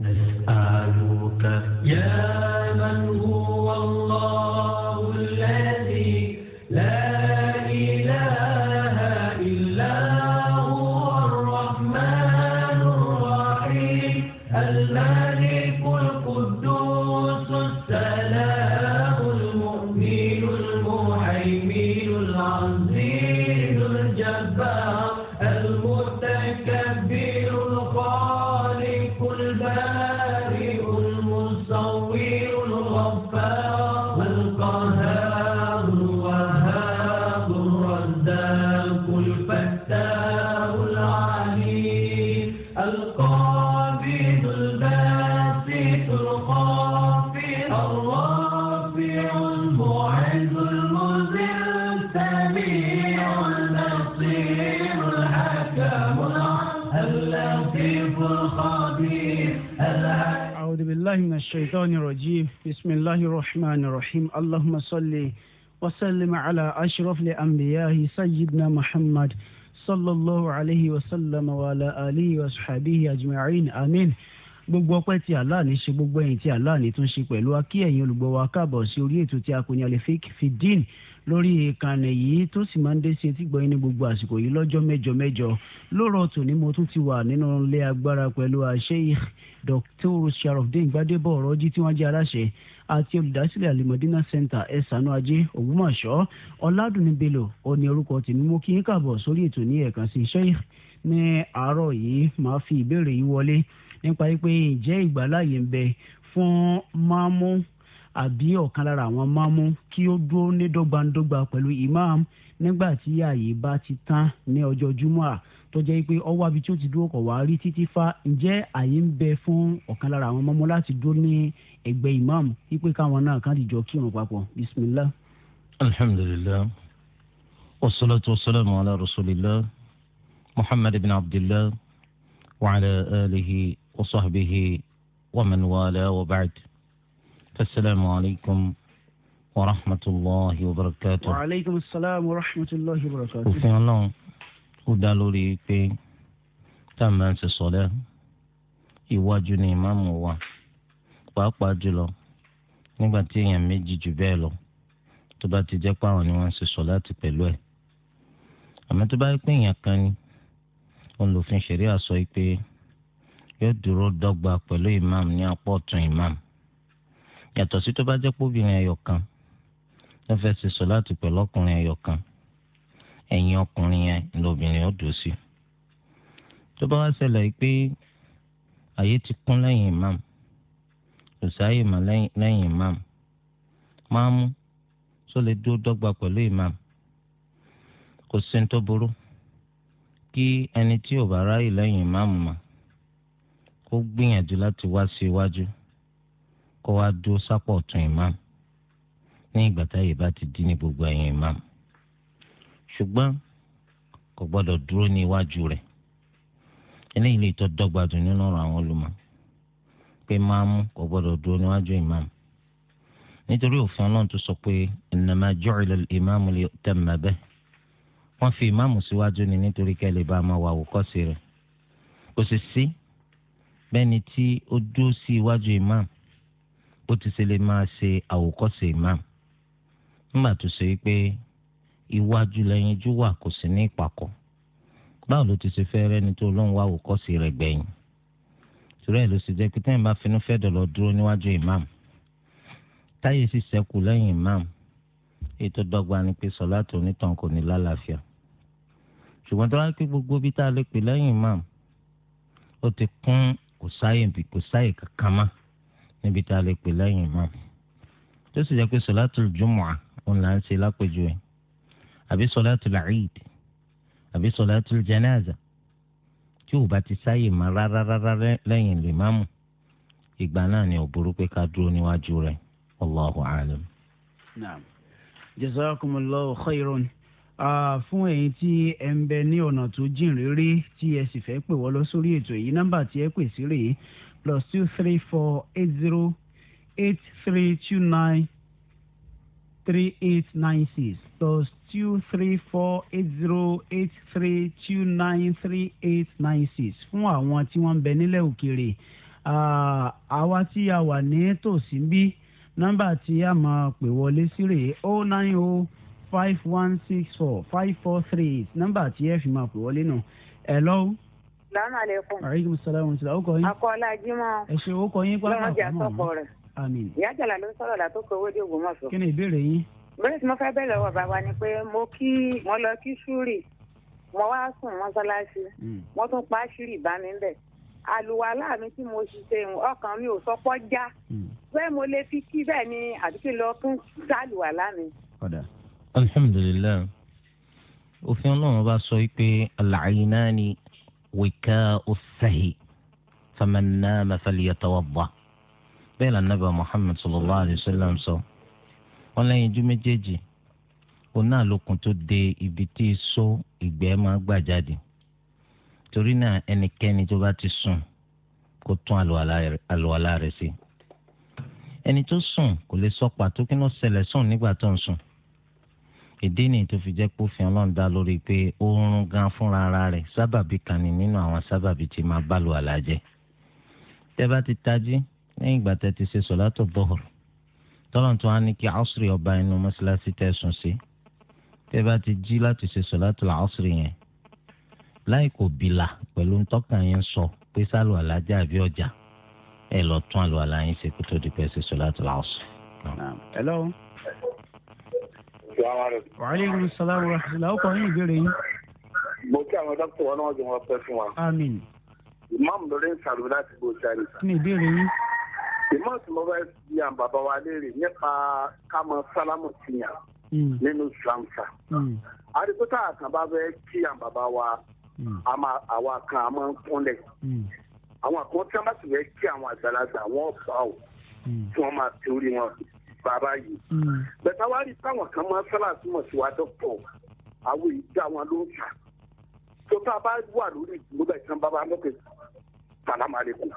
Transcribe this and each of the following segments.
نسألك يا الرحمن الرحيم اللهم صل وسلم على أشرف الأنبياء سيدنا محمد صلى الله عليه وسلم وعلى آله وصحبه أجمعين آمين gbogbo ọpẹ́ tí Allah ní ṣe gbogbo ẹ̀yìn tí Allah ní tún ṣe pẹ̀lú akí ẹ̀yin olùgbọ́ sí orí ètò tí a kò ní alẹ fi dín lórí ìkànnì yìí tó sì máa ń dé sí etí gbọ́yìn ní gbogbo àsìkò yìí lọ́jọ́ mẹ́jọ mẹ́jọ lóòrọ̀ tòní mo tún ti wà nínú ilé agbára pẹ̀lú àṣẹ Dr. Sharafdin Gbadebo ọ̀rọ̀jì tí wọ́n jẹ́ aláṣẹ àti olùdásílẹ̀ alimọ̀dínà center ẹ̀sánú ajé Ògbómọ̀ṣọ́ ọ̀làdùnní bello òní orúkọ tèmi mo kí yín kàbọ̀ sórí ètò ní ẹ̀ẹ̀kan sí iṣẹ́ ní àárọ̀ yìí máa fi ìbéèrè yìí wọlé nípa pé ǹjẹ́ ìgbàláyè ń bẹ fún máàmú àbí ọ̀kan lára àwọn máàmú kí ó dúró ní dọ́gbandọ́gba pẹ̀lú imam nígbà tí ààyè bá ti tán ní ọjọ́ jumua tó jẹ́ pé ọwọ́ abi tí ó ti dúró kọ̀ wá rí títí fa ǹjẹ́ ààyè ń bẹ fún ọ̀kan lára àwọn máàmú láti dúró ní ẹgbẹ́ imam wípé káwọn náà kàn dìjọ kírun papọ̀ bismillah. alhamdulilayi wasalaatu wasalaamu ala rasulillah muhammad ibn abdillah wa ala alihi wa sahbihi wa man wala wa ba'd. السلام عليكم ورحمة الله وبركاته وعليكم السلام ورحمة الله وبركاته وفي الله ودالو لي بي تم الصلاة iwájú ni ìmáàmù wa pàápàá jùlọ nígbà tí èèyàn méjì jù bẹ́ẹ̀ lọ tó bá ti jẹ́ pé àwọn ni wọ́n ń ṣe sọ̀láàtì pẹ̀lú ẹ̀ àmọ́ tó bá pé èèyàn kan ni olùfin ṣẹ̀ríà sọ pé yóò dúró dọ́gba pẹ̀lú ìmáàmù ní apá ọ̀tún ìmáàmù yàtọ̀ sí tó bá jẹ́ póbìnrin ẹyọ kan ló fẹ́ ṣe sọ láti pẹ̀lú ọkùnrin ẹyọ kan ẹ̀yìn ọkùnrin yẹn lóbìnrin ó dùn sí. tó bá wá ṣẹlẹ̀ pé àyè ti kún lẹ́yìn imam kò sáàyè mọ́ lẹ́yìn imam máa mú tó lè dúró dọ́gba pẹ̀lú imam kò sí ní tó burú kí ẹni tí ò bá ráyè lẹ́yìn imam mọ́ kó gbìyànjú láti wá sí iwájú. Si kó wá dúró sápọ̀ ọ̀tún imam ní ìgbà táyè bá ti dí ní gbogbo ẹ̀yìn imam ṣùgbọ́n kò gbọ́dọ̀ dúró ní iwájú rẹ̀ eléyìí lè tọ́ dọ́gba jù nínú ọ̀rọ̀ àwọn olùmọ̀ pé máàmù kò gbọ́dọ̀ dúró níwájú imam nítorí òfin ọlọ́run tó sọ pé innama ju'ila al-imamu liyu'tamma bihi wọ́n fi ìmáàmù síwájú ni nítorí kẹ́lẹ́ bá máa wà àwòkọ́sí rẹ̀ kò sì sí bẹ́ẹ̀ni tí ó dúró sí iwájú ìmáàmù bó ti ṣe lè máa ṣe àwòkọ́ṣe imam nígbà tó ṣe pé iwájú lẹ́yinjú wà kò sí ní ìpàkọ́ báwo ló ti ṣe fẹ́ rẹ́ni tó lóun wá àwòkọ́ṣe rẹ̀ gbẹ̀yìn torí ẹ̀ ló sì jẹ́ pé tẹ́yìn bá finú fẹ́ dọ̀lọ́ dúró níwájú imam táyé sì ṣẹ́kù lẹ́yìn imam ètò dọ́gba ni pé sọlá tó onítàn kò ní lálàáfíà ṣùgbọ́n tó wá pé gbogbo bí tá a lè pè lẹ́yìn imam ó ti kún kò sáyè bí kò kankan mọ́ níbi tá a lè pè lẹ́yìn imam tó sì jẹ́ pé sọ̀látùl jumu'a òun là ń ṣe lápèjúwe àbí sọ̀látùl eid àbí sọ̀látùl janaza tí ò bá ti sáyè mọ́ rárára lẹ́yìn límámù ìgbà náà ni ò burú pé ká dúró níwájú rẹ̀ wallahu alam. naam jazakumullahu fún ẹ̀yin tí ẹ ń bẹ ní ọ̀nà tó jìn réré tí ẹ sì fẹ́ pè wọ́n lọ sórí ètò yìí nọ́mbà tí ẹ pè sí rèé plus two three four eight zero eight three two nine three eight nine six plus two three four eight zero eight three two nine three eight nine six fún àwọn tí wọ́n ń bẹ nílẹ̀ òkèèrè àwa tí a wà ní tòsí bí nọ́mbà tí a máa pè wọlé sí rèé oh nine o oh five one six four five four three eight nọ́mbà tí ẹ fi máa pè wọlé náà ẹ lọ́wọ́ salaamaleykum. aleykum salaam wa rahmatulah. o kò yín. akọ́lá jimá. ẹ ṣe o kò yín kó a máa fọ́ mọ́ wọn. àmín. ìyá jàlá ló sọ̀rọ̀ la tó kọ owó dé Ògbómọ̀ṣọ́. kí ni ìbéèrè yín. bẹ́ẹ̀ tí mo fẹ́ bẹ̀rẹ̀ lọ́wọ́ bàbá ni pé mo kí mo lọ kí ṣúrì mo wá sùn mọ́ṣáláṣí wọ́n hmm. tún pa ṣúrì bá mi bẹ̀. àlùwàlá mi tí mo ṣiṣẹ́ ọkàn mi ò sọpọ́ já bẹ́ẹ̀ hmm. mo lè fi kí bẹ́ẹ̀ ni àdúgbò lọ tún sálùwàlá mi. alhamdulilayi òfin ọlọ́run bá sọ pé al wíkẹ́ ọ̀sẹ̀hì fẹ́mẹ́nà mẹ́fẹ́lìyẹ tọwọ́ bá bẹ́ẹ̀ lọ nàbẹ̀ muhammed sallallahu alayhi wa sallam sọ wọn lẹ́yìn ju méjèèjì òun náà lókun tó de ibi tí so ìgbẹ́ máa gbà jáde torí náà ẹnikẹ́ni tó bá ti sùn kó tún àlùwàlá rẹ̀ sí ẹni tó sùn kò lè sọ pàtó kí ló ṣẹlẹ̀ sùn nígbà tó ń sùn ìdí nìyí tó fi jẹ́ pé òfin ọlọ́run dá lórí pé oorun gan fúnra ara rẹ̀ sábàbí kan ní nínú àwọn sábàbí tí máa bá lu àlàjẹ́ tẹ́ bá ti tají lẹ́yìn ìgbà tẹ́ ti ṣe sọ̀látò bọ́ọ̀r tọ́lọ́n tó wá ní kí ọ́sìrì ọba inú mọ́ṣáláṣí tẹ́ sí tẹ́ ti jí láti ṣe sọ̀látò ọ́sìrì yẹn láì kò bìlà pẹ̀lú ntọ́kàn yẹn sọ pé sálù àlàjẹ́ àbí ọjà ẹ lọ tún àlọ́ àlàyé ṣe kó tó di pẹ́ ṣe sọ̀látò ọ́sìrì wàhálẹ́kùn sàlámù rahmatulah ọkọ yín ìbéèrè yín. mo kí àwọn dókítà wọn náà jẹ wọn pẹ fún wa. àmín. imam lórí ń sàlùmí láti bó sáré. kí ni ìbéèrè yín. imam tí mo bá di àwọn bàbá wa léèrè nípa kámọ sálámù tìyàn hmm. nínú islam sa. Hmm. àdìgbòtà àkànbá bẹ kí àwọn bàbá wa hmm. àwa kan a máa ń kúnlẹ̀. àwọn àkọ́ńtà bá sì fẹ́ kí àwọn àgbàlagbà wọn bá o tí wọ́n máa torí wọn gbà báyìí hmm. bẹ̀tà wá rí táwọn kan máa sálàtú mọ̀ sí wa dọ́pọ̀ àwọn ìdí àwọn ló ń ta tó tá a bá wà lórí ìdúró bẹ̀ tán bàbá lọ́kẹ́ sàlámàlẹ́kùn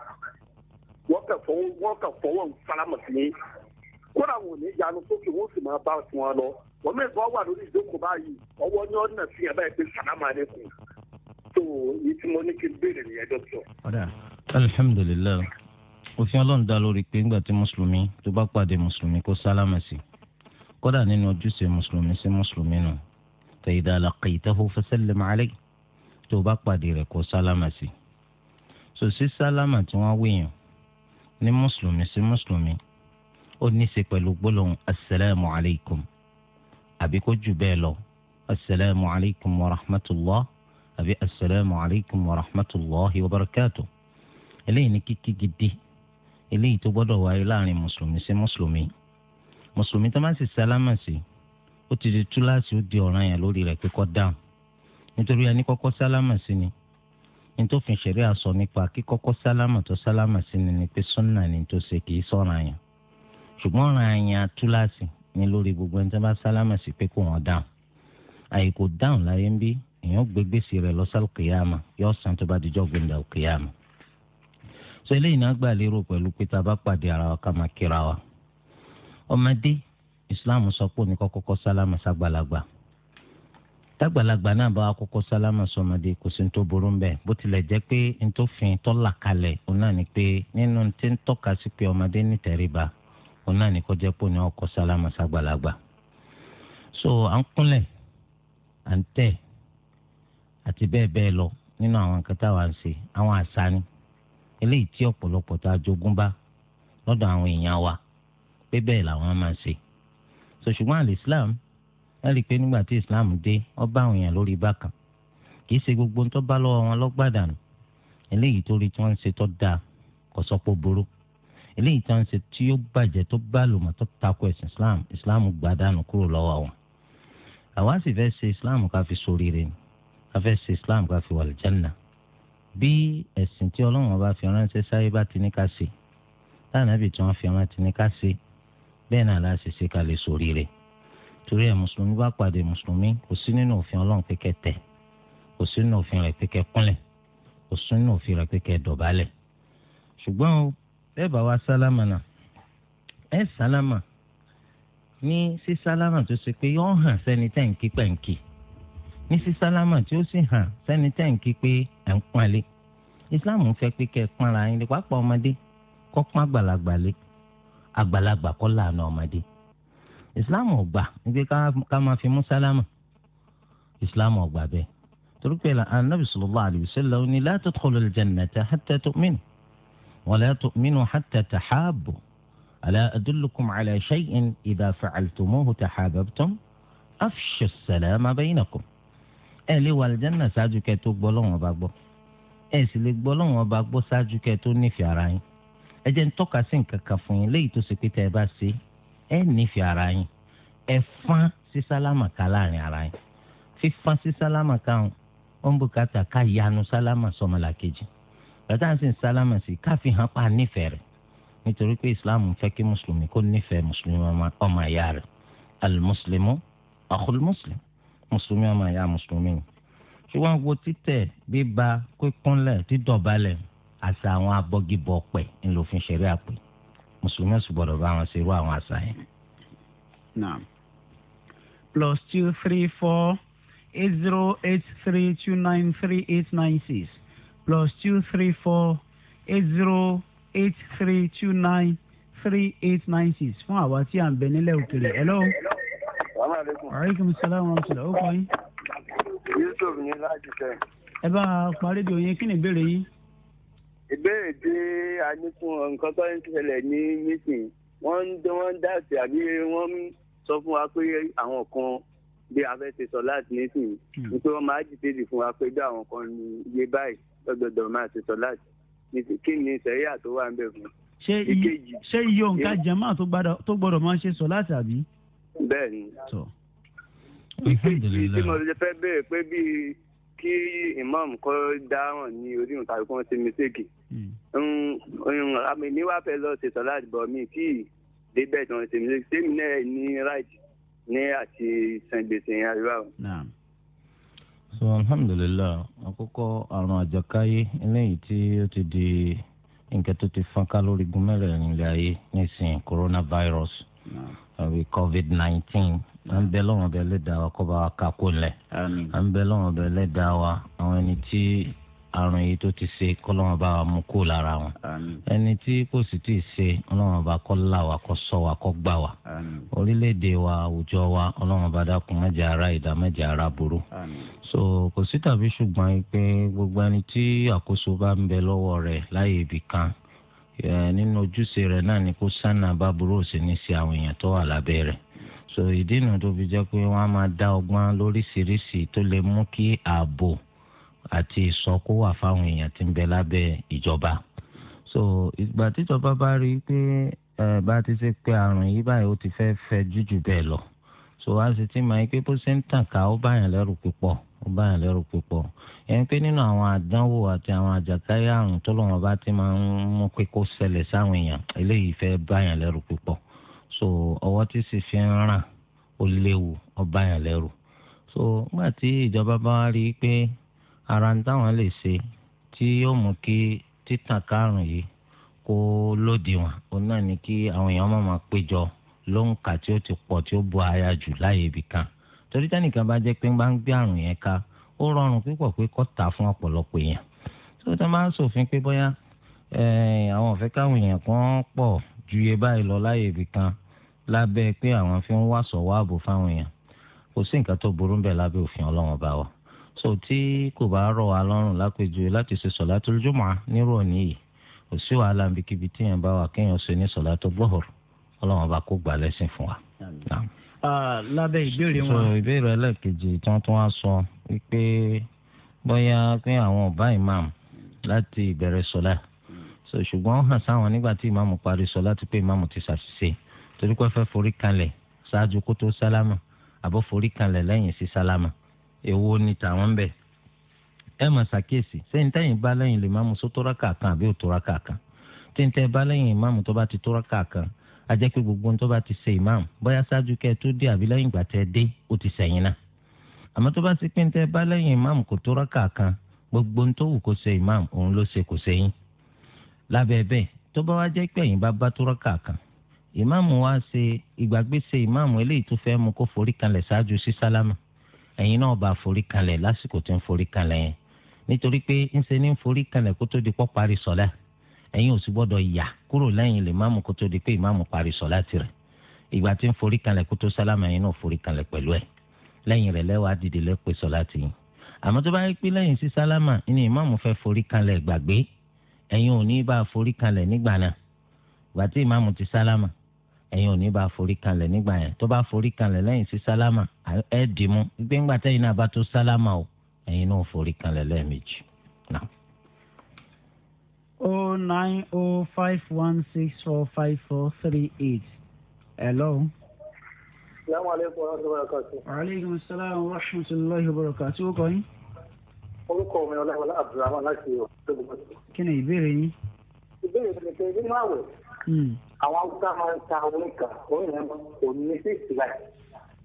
wọ́n kà fọwọ́ wọ́n kà fọwọ́ sàlámàlẹ́ kódà wọn ò ní yanu sókè wọn sì máa bá tiwọn lọ wọn mẹ́gbọ́n wà lórí ìjókòó báyìí ọwọ́ ní ọ̀nà sí ẹ̀ báyìí pé sàlámàlẹ́kùn tó yìí tí mo ní kí n béèrè nìyẹn dọ́kítọ̀ òfin ọlọ́run dá lórí pé ńgbà tí mùsùlùmí tó bá pàdé mùsùlùmí kó sálámà sí kódà nínú ojúṣe mùsùlùmí sí mùsùlùmí nù fa idha laqaytahu fasallim alayhi tó bá pàdé rẹ̀ kó sálámà sí. sò sí sálámà tí wọ́n wéyàn ní mùsùlùmí sí mùsùlùmí ó ní í ṣe pẹ̀lú gbólóhùn asalaamu alaykum àbí kó jù bẹ́ẹ̀ lọ asalaamu alaykum wa rahmatullah àbí eléyìí tó gbọ́dọ̀ wáyé láàrin mùsùlùmí sí mùsùlùmí mùsùlùmí tó bá sì sálámà sí ó ti di túláàsì ó di ọ̀ràn yẹn lórí rẹ̀ pé dáhùn nítorí ẹni kọ́kọ́ sálámà sí ni ní tó fi ṣẹ̀rí àsọ nípa kíkọ́kọ́ sálámà tó sálámà sí ni ni pé sùnnà ni tó ṣe kì í sọ̀ràn yẹn ṣùgbọ́n ọ̀ràn yẹn túláàsì ni lórí gbogbo ẹni tó bá sálámà sí pé kó wọn dáhùn àyíkò dáhùn láyé ń bí èèyàn gbégbèsè rẹ̀ lọ́sàlùkìyàmà yóò sọ eléyìí náà gbà lérò pẹ̀lú pé tá a bá pàdé ara wa ká máa kíra wa ọmọdé islam sọ pé òní kọ́kọ́kọ́ sálámà ságbàlagbà tágbàlagbà náà bá kọ́kọ́ sálámà sọmọdé kò sí tó burú mbẹ bó tilẹ̀ jẹ́ pé ní tó fi òun náà ni pé nínú tí ń tọ́ka sí pé ọmọdé ní tẹríba òun náà ni kó jẹ́ pé òní ọkọ̀ sálámà ságbàlagbà so à ń kúnlẹ̀ à ń tẹ̀ àti bẹ́ẹ̀ bẹ́ẹ̀ lọ nínú àwọn nǹkan táwa ń ṣe àwọn àṣà ni eléyìí tí ọ̀pọ̀lọpọ̀ tá a jogún bá lọ́dọ̀ àwọn èèyàn wa pé bẹ́ẹ̀ làwọn máa ṣe so àlè islam ẹ rí i pé nígbà tí islam dé ó bá àwọn èèyàn lórí bákan kì í ṣe gbogbo tó bá lọ́wọ́ wọn lọ́gbàdànù eléyìí tó rí tí wọ́n ń ṣe tó dáa kò sọ pé burú eléyìí tí wọ́n ń ṣe tí ó bàjẹ́ tó bá lòmọ̀ tó takò ẹ̀sìn islam islam gbàdànù kúrò lọ́wọ́ wọn àwa sì fẹ́ ṣe islam ká fi sóríire ni ká fẹ́ ṣe islam ká fi wà lìjánná bí ẹ̀sìn tí ọlọ́run ọba fi ránṣẹ́ sáyé bá ti ní ká ṣe táwọn ẹbí tí wọ́n fi ránṣẹ́ ti ní ká ṣe bẹ́ẹ̀ náà la ṣe ṣe ká lè sórí rẹ̀ torí ẹ̀ mùsùlùmí bá pàdé mùsùlùmí kò sí nínú òfin ọlọ́run pé kẹ́ tẹ̀ kò sí nínú òfin rẹ̀ pé kúnlẹ̀ kò sí nínú òfin rẹ̀ pé dọ̀bálẹ̀ ṣùgbọ́n bẹ́ẹ̀ bá wa sálámà náà ẹ sálámà ní sí sálámà tó ṣe pé yọ hàn sẹ́ni ní sísálámà tí ó sì hàn sẹ́ni jẹ̀nẹ̀tẹ̀ pé ẹ̀ ń pọ́nlé islam fẹ́ pé kẹ́ ẹ pọ́nra yín pápá ọmọdé kọ́ pọ́n àgbàlagbà lé àgbàlagbà kọ́ làánà ọmọdé islam ogba gbà ká máa fi mú sálámà islam ogba bẹ́ẹ̀ torí pé anabi sallallahu alayhi wa sallam ni la tadkhulul jannata hatta tu'minu wa la ale hatta tahabbu ala adullukum ala shay'in idha fa'altumuhu tahabbtum afshu as beyin baynakum. ẹ lè wà àlùjánnà ṣáájú kẹ́ tó gbọ́ lọ́wọ́n ọba gbọ́ ẹ sì lè gbọ́ lọ́wọ́n ọba gbọ́ ṣáájú kẹ́ tó nífẹ̀ẹ́ ara yín ẹ jẹ́ ń tọ́ka sí nǹkan kan fún yín léyìí tó ṣe pé tẹ́ ẹ bá ṣe ẹ nífẹ̀ẹ́ ara yín ẹ fán sí sálámà ká láàrin ara yín fífán sí sálámà káwọn ó ń bùkátà ká yanu sálámà sọmọlà kejì bàtà ń sìn sálámà sí káfí hàn pa nífẹ̀ẹ́ rẹ̀ nítorí pé islam fẹ́ kí mùsùlùmí kó nífẹ̀ẹ́ mùsùlùmí ọmọ ìyá rẹ̀ alimuslimu akhul muslim mùsùlùmí ọmọ ìyá mùsùlùmí ni ṣùgbọ́n wo títẹ̀ bíba kíkúnlẹ̀ dídọ̀bálẹ̀ àṣà àwọn abọ́gibọ̀ ọ̀pẹ̀ ńlòfin ṣẹ̀rí àpè mùsùlùmí ọ̀sùn gbọ́dọ̀ bá wọn ṣerú àwọn àṣà yẹn. Naam. Plus two three four eight zero eight three two nine three eight nine six. Plus two three four eight zero eight three two nine three eight nine six. Fún àwa tí à ń bẹ nílẹ̀ òkèèrè. Hello. Hello salaamaleykum. aleykum salaam wa rahmatulah o kọ́ yín. yusuf ní láti tẹ. ẹ bá a parí di oyin kí ni ìbéèrè yín. ìbéèrè tí a ní fún nǹkan tó ń ṣẹlẹ̀ ní nísìn wọ́n ń dán wọ́n dá sí àbí wọ́n ń sọ fún wa pé àwọn kan bí a fẹ́ ṣe sọ láti nísìn nípé hmm. wọ́n máa jìtìrì fún wa pé bí àwọn kan ní iye báyìí lọ́gbọ̀dọ̀ máa ṣe sọ láti kí ni sẹ́yà tó wà ń bẹ̀ fún. ṣé iye òǹkà jẹ́mọ́ tó gbọ́dọ̀ máa ṣe sọ láti àbí bẹ́ẹ̀ ni. ìkejì tí mo lè fẹ́ béèrè pé bíi kí imam kọ́ dáràn ní orí ìrùn tàbí kí wọ́n ṣe mistake. Hmm. àmì ní wàá fẹ́ lọ ṣe sọ́lá àdìbò mi kí débẹ̀ tí wọ́n ṣe mistake sẹ́mi náà ní right ní àti san gbèsè yẹn àríwá o. so alhamdulillah àkọ́kọ́ àrùn àjàkáyé eléyìí tí ó ti di nǹkan tó ti fọ́nká lórí gun mẹ́rẹ̀ẹ̀rin ilé ayé nísìnyí coronavirus. Mm àbí covid nineteen à ń bẹ lọ́wọ́n bẹ lẹ́dàá wa kó bá wa ká kó lẹ̀ à ń bẹ lọ́wọ́n bẹ lẹ́dàá wa àwọn ẹni tí àrùn yìí tó ti ṣe kọ́ lọ́wọ́n bá wa mú kó lára wọn ẹni tí kò sì tí ì ṣe ọlọ́wọ́n bá kọ́ là wa kọ́ sọ wa kọ́ gbà wa orílẹ̀-èdè wa àwùjọ wa ọlọ́wọ́n bá dákun mẹ́jẹ ara ìdá mẹ́jẹ ara burú so kò sí tàbí ṣùgbọ́n pé gbogbo ẹni tí àkóso bá ń bẹ lọ́wọ́ rẹ̀ láyé ibì kan nínú ojúṣe rẹ̀ náà ni kó sànà báburú òsì ní sí àwọn èèyàn tó wà lábẹ́ rẹ̀ so ìdí nu tó fi jẹ́ pé wọ́n á máa dá ọgbọ́n lóríṣiríṣi tó lè mú kí ààbò àti ìsọkó wà fáwọn èèyàn tí ń bẹ lábẹ́ ìjọba so ìgbà tíjọba bá rí i pé bá ti ṣe pé àrùn yìí báyìí ó ti fẹ́ fẹ́ jújù bẹ́ẹ̀ lọ so wá sí ti máa ń pé bó ṣe ń tàn ká ó báyàn lẹ́rù púpọ̀ ó bá yàn lẹ́rù púpọ̀ ẹni pé nínú àwọn àdánwò àti àwọn àjàkáyé àrùn tọ́lọ́wọ́n bá ti máa ń mú pé kó ṣẹlẹ̀ sáwọn èèyàn eléyìí fẹ́ bá yàn lẹ́rù púpọ̀ so ọwọ́ tí sì fi ń ràn ó léwu ó bá yàn lẹ́rù so nígbà tí ìjọba bá wá rí i pé ara ń táwọn lè ṣe tí yóò mú kí títàn kárùn yìí kó lòdìwọ̀n òun náà ni kí àwọn èèyàn máa máa péjọ lóǹkà tí ó ti pọ̀ tí ó bu aya jù láyé ibì torí tẹ́nìkan bá jẹ́ pé ń bá ń gbé àrùn yẹn ká ó rọrùn púpọ̀ pé kó tà fún ọ̀pọ̀lọpọ̀ èèyàn tó tó máa ń ṣòfin pé bóyá eh, àwọn ọ̀fẹ́ káwọn èèyàn kan pọ̀ ju iye báyìí lọ láyè ibì kan lábẹ́ pé àwọn fi ń wá sọ̀wọ́ ààbò fáwọn èèyàn kò sí nǹkan tó burú bẹ̀ lábẹ́ òfin ọlọ́wọ́n bá wa so tí kò bá rọ̀ wá lọ́rùn lápèjúwe láti ṣe sọ̀látùl jumu'ah nírò níyì kò sí wàhálà níbikíbi téèyàn bá wà kéèyàn ṣe ní sọ̀látù gbọ́hùr ọlọ́wọ́n bá kó gbà lẹ́sìn fún wa. Ah, lábẹ́ ìbéèrè wọn. sọ ìbéèrè ẹlẹ́ẹ̀kejì tí wọ́n tún wá sọ wípé bóyá pé àwọn ọ̀bá imam láti ìbẹ̀rẹ̀ sọ́lá ṣùgbọ́n hàn sáwọn nígbà tí imam parí sọ́lá ti pé imam ti ṣàṣìṣe torí pé fẹ́ forí kanlẹ̀ ṣáájú kó tó sálámà àbọ̀ forí kanlẹ̀ lẹ́yìn sí sálámà èwo ni tàwọn ń bẹ̀ ẹ mà ṣàkíyèsí sẹ́yìn tẹ́yìn bá lẹ́yìn lè máàmù sótóraka kan àbí òtóraka kan tẹ́yìn tẹ́ bá lẹ́yìn ìmáàmù tó bá ti tóraka kan ajẹ́ pé gbogbo tó ti ṣe imam bóyá ṣáájú kẹ́ ẹ tó dé àbí lẹ́yìn ìgbà tẹ́ ẹ dé ó ti sẹ̀yìn náà àmọ́ tó bá ti pín tẹ́ bá lẹ́yìn imam kò tó rákà kan gbogbo tó wù kó ṣe imam òun ló ṣe kò sẹ́yìn lábẹ́ bẹ́ẹ̀ tó bá wá jẹ́ pé ẹ̀yin bá bá tó rákà kan imam wa ṣe ìgbàgbéṣe imam eléyìí tó fẹ́ mú kó forí kanlẹ̀ ṣáájú sí sálámà ẹ̀yin náà bá forí kanlẹ̀ lásìkò tó ń forí kanlẹ̀ yẹn nítorí pé ńṣe ní forí kanlẹ̀ kó tó di pọ́ parí Eyin ò sì gbọ́dọ̀ yà kúrò lẹ́yìn lè máàmù kó tó di pé ìmáàmù parí sọ̀láàtì rẹ̀ ìgbà tí ń forí kanlẹ̀ kó tó sálámà ẹ̀yin náà forí dìde tó bá yẹ pé lẹ́yìn sí sálámà ni ìmáàmù fẹ́ forí kanlẹ̀ gbàgbé ò ní bá forí nígbà náà ìgbà tí ìmáàmù ti sálámà eyin ò ní bá forí kanlẹ̀ nígbà yẹn tó bá forí sí sálámà dìímú náà bá tó sálámà o oh nine o oh five one six four five four three eight. hello. salaamaleykum wa rahmatulahi wa barakatu. waaleykum salaam wa rahmatulahi wa barakatu. o kò yín. orúkọ mi ọlọ́wọ́lá abdulrahman láti ọ̀dọ́gbọ̀n. kí ni ìbéèrè yín. ìbéèrè mi ni pé nínú àwẹ̀. Hmm. àwọn haúsá máa ń ta oníkà oyin ẹ̀ kò ní sí ìsìlá.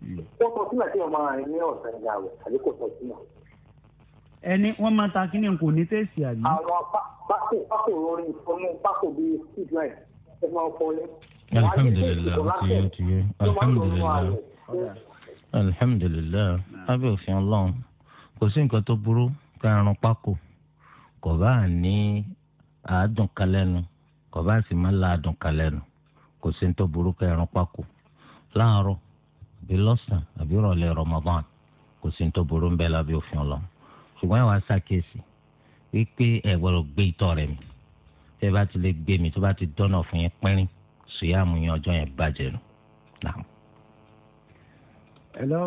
Hmm. ó sọ sílẹ̀ tí ọmọ rẹ̀ ní ọ̀sán ìgbà àwẹ̀ àbí kò sọ ẹni wọ́n máa ta kí ni kò ní tẹ̀sí àbí. àwọn pákó pákó rọrin ìfọnú pákó bíi ṣíṣe ẹ máa fọlẹ. alhamdulilayi tiye tiye alhamdulilayi alhamdulilayi abẹ́ òfin Ọlọ́run kò sí nǹkan tó burú ká ẹran pákó kò bá ní àádùn kalẹ́nu kò bá sì máa láàdùn kalẹ́nu kò sí nǹkan tó burú ká ẹran pákó láàárọ̀ àbí lọ́sàn àbí ìrọ̀lẹ́ Ramadan kò sí nǹkan tó burú ń bẹ lábẹ́ òfin Ọlọ́run ṣùgbọ́n àwa ṣàkíyèsí wípé ẹ gbọ́dọ̀ gbé itọ́ rẹ̀ mi tẹ́ bá ti lè gbé mi tó bá ti dọ́nà fún yín pínrín sùyàmù yín ọjọ́ yẹn bàjẹ́ nù. hello.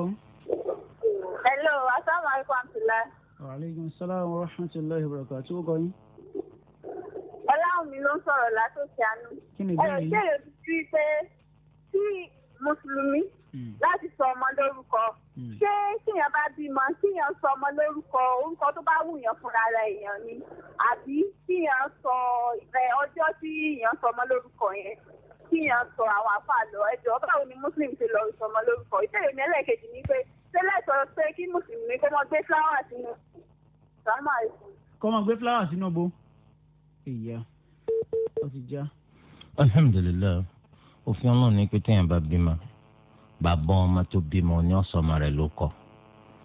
hello asalaamualeykum abdullahi. wa salaam wa rahmatulahi wa barakatuh tó kọ́ yín. ló ń sọ̀rọ̀ látòkè àánú. kí ni bẹ́ẹ̀ ni. ẹ̀rọ ṣèlérí pé tí mùsùlùmí Hmm. láti sọ ọmọ lórúkọ hmm. ṣé tíyan bá bímọ tíyan sọ ọmọ lórúkọ orúkọ tó bá wùyàn fúnra rẹ èèyàn ni àbí tíyan sọ ẹ ọjọ́ tí èèyàn sọ ọmọ lórúkọ yẹn tíyan sọ àwọn àfáà lọ ẹjọ báwo ni muslim ti lọ sọ ọmọ lórúkọ ìbéèrè mi ẹlẹ́ẹ̀kejì ni pé ṣé lẹ́tọ̀ọ́ pé kí mùsùlùmí kó mọ gbé fúláwà sínú kó mọ gbé fúláwà sínú bo ìyá ó ti já. alhamdulilayi òfin ọlọ́run ní pé téèyàn bá bímọ bàbá ọmọ tó bímọ ní ọ̀sọ́mọ rẹ̀ ló kọ́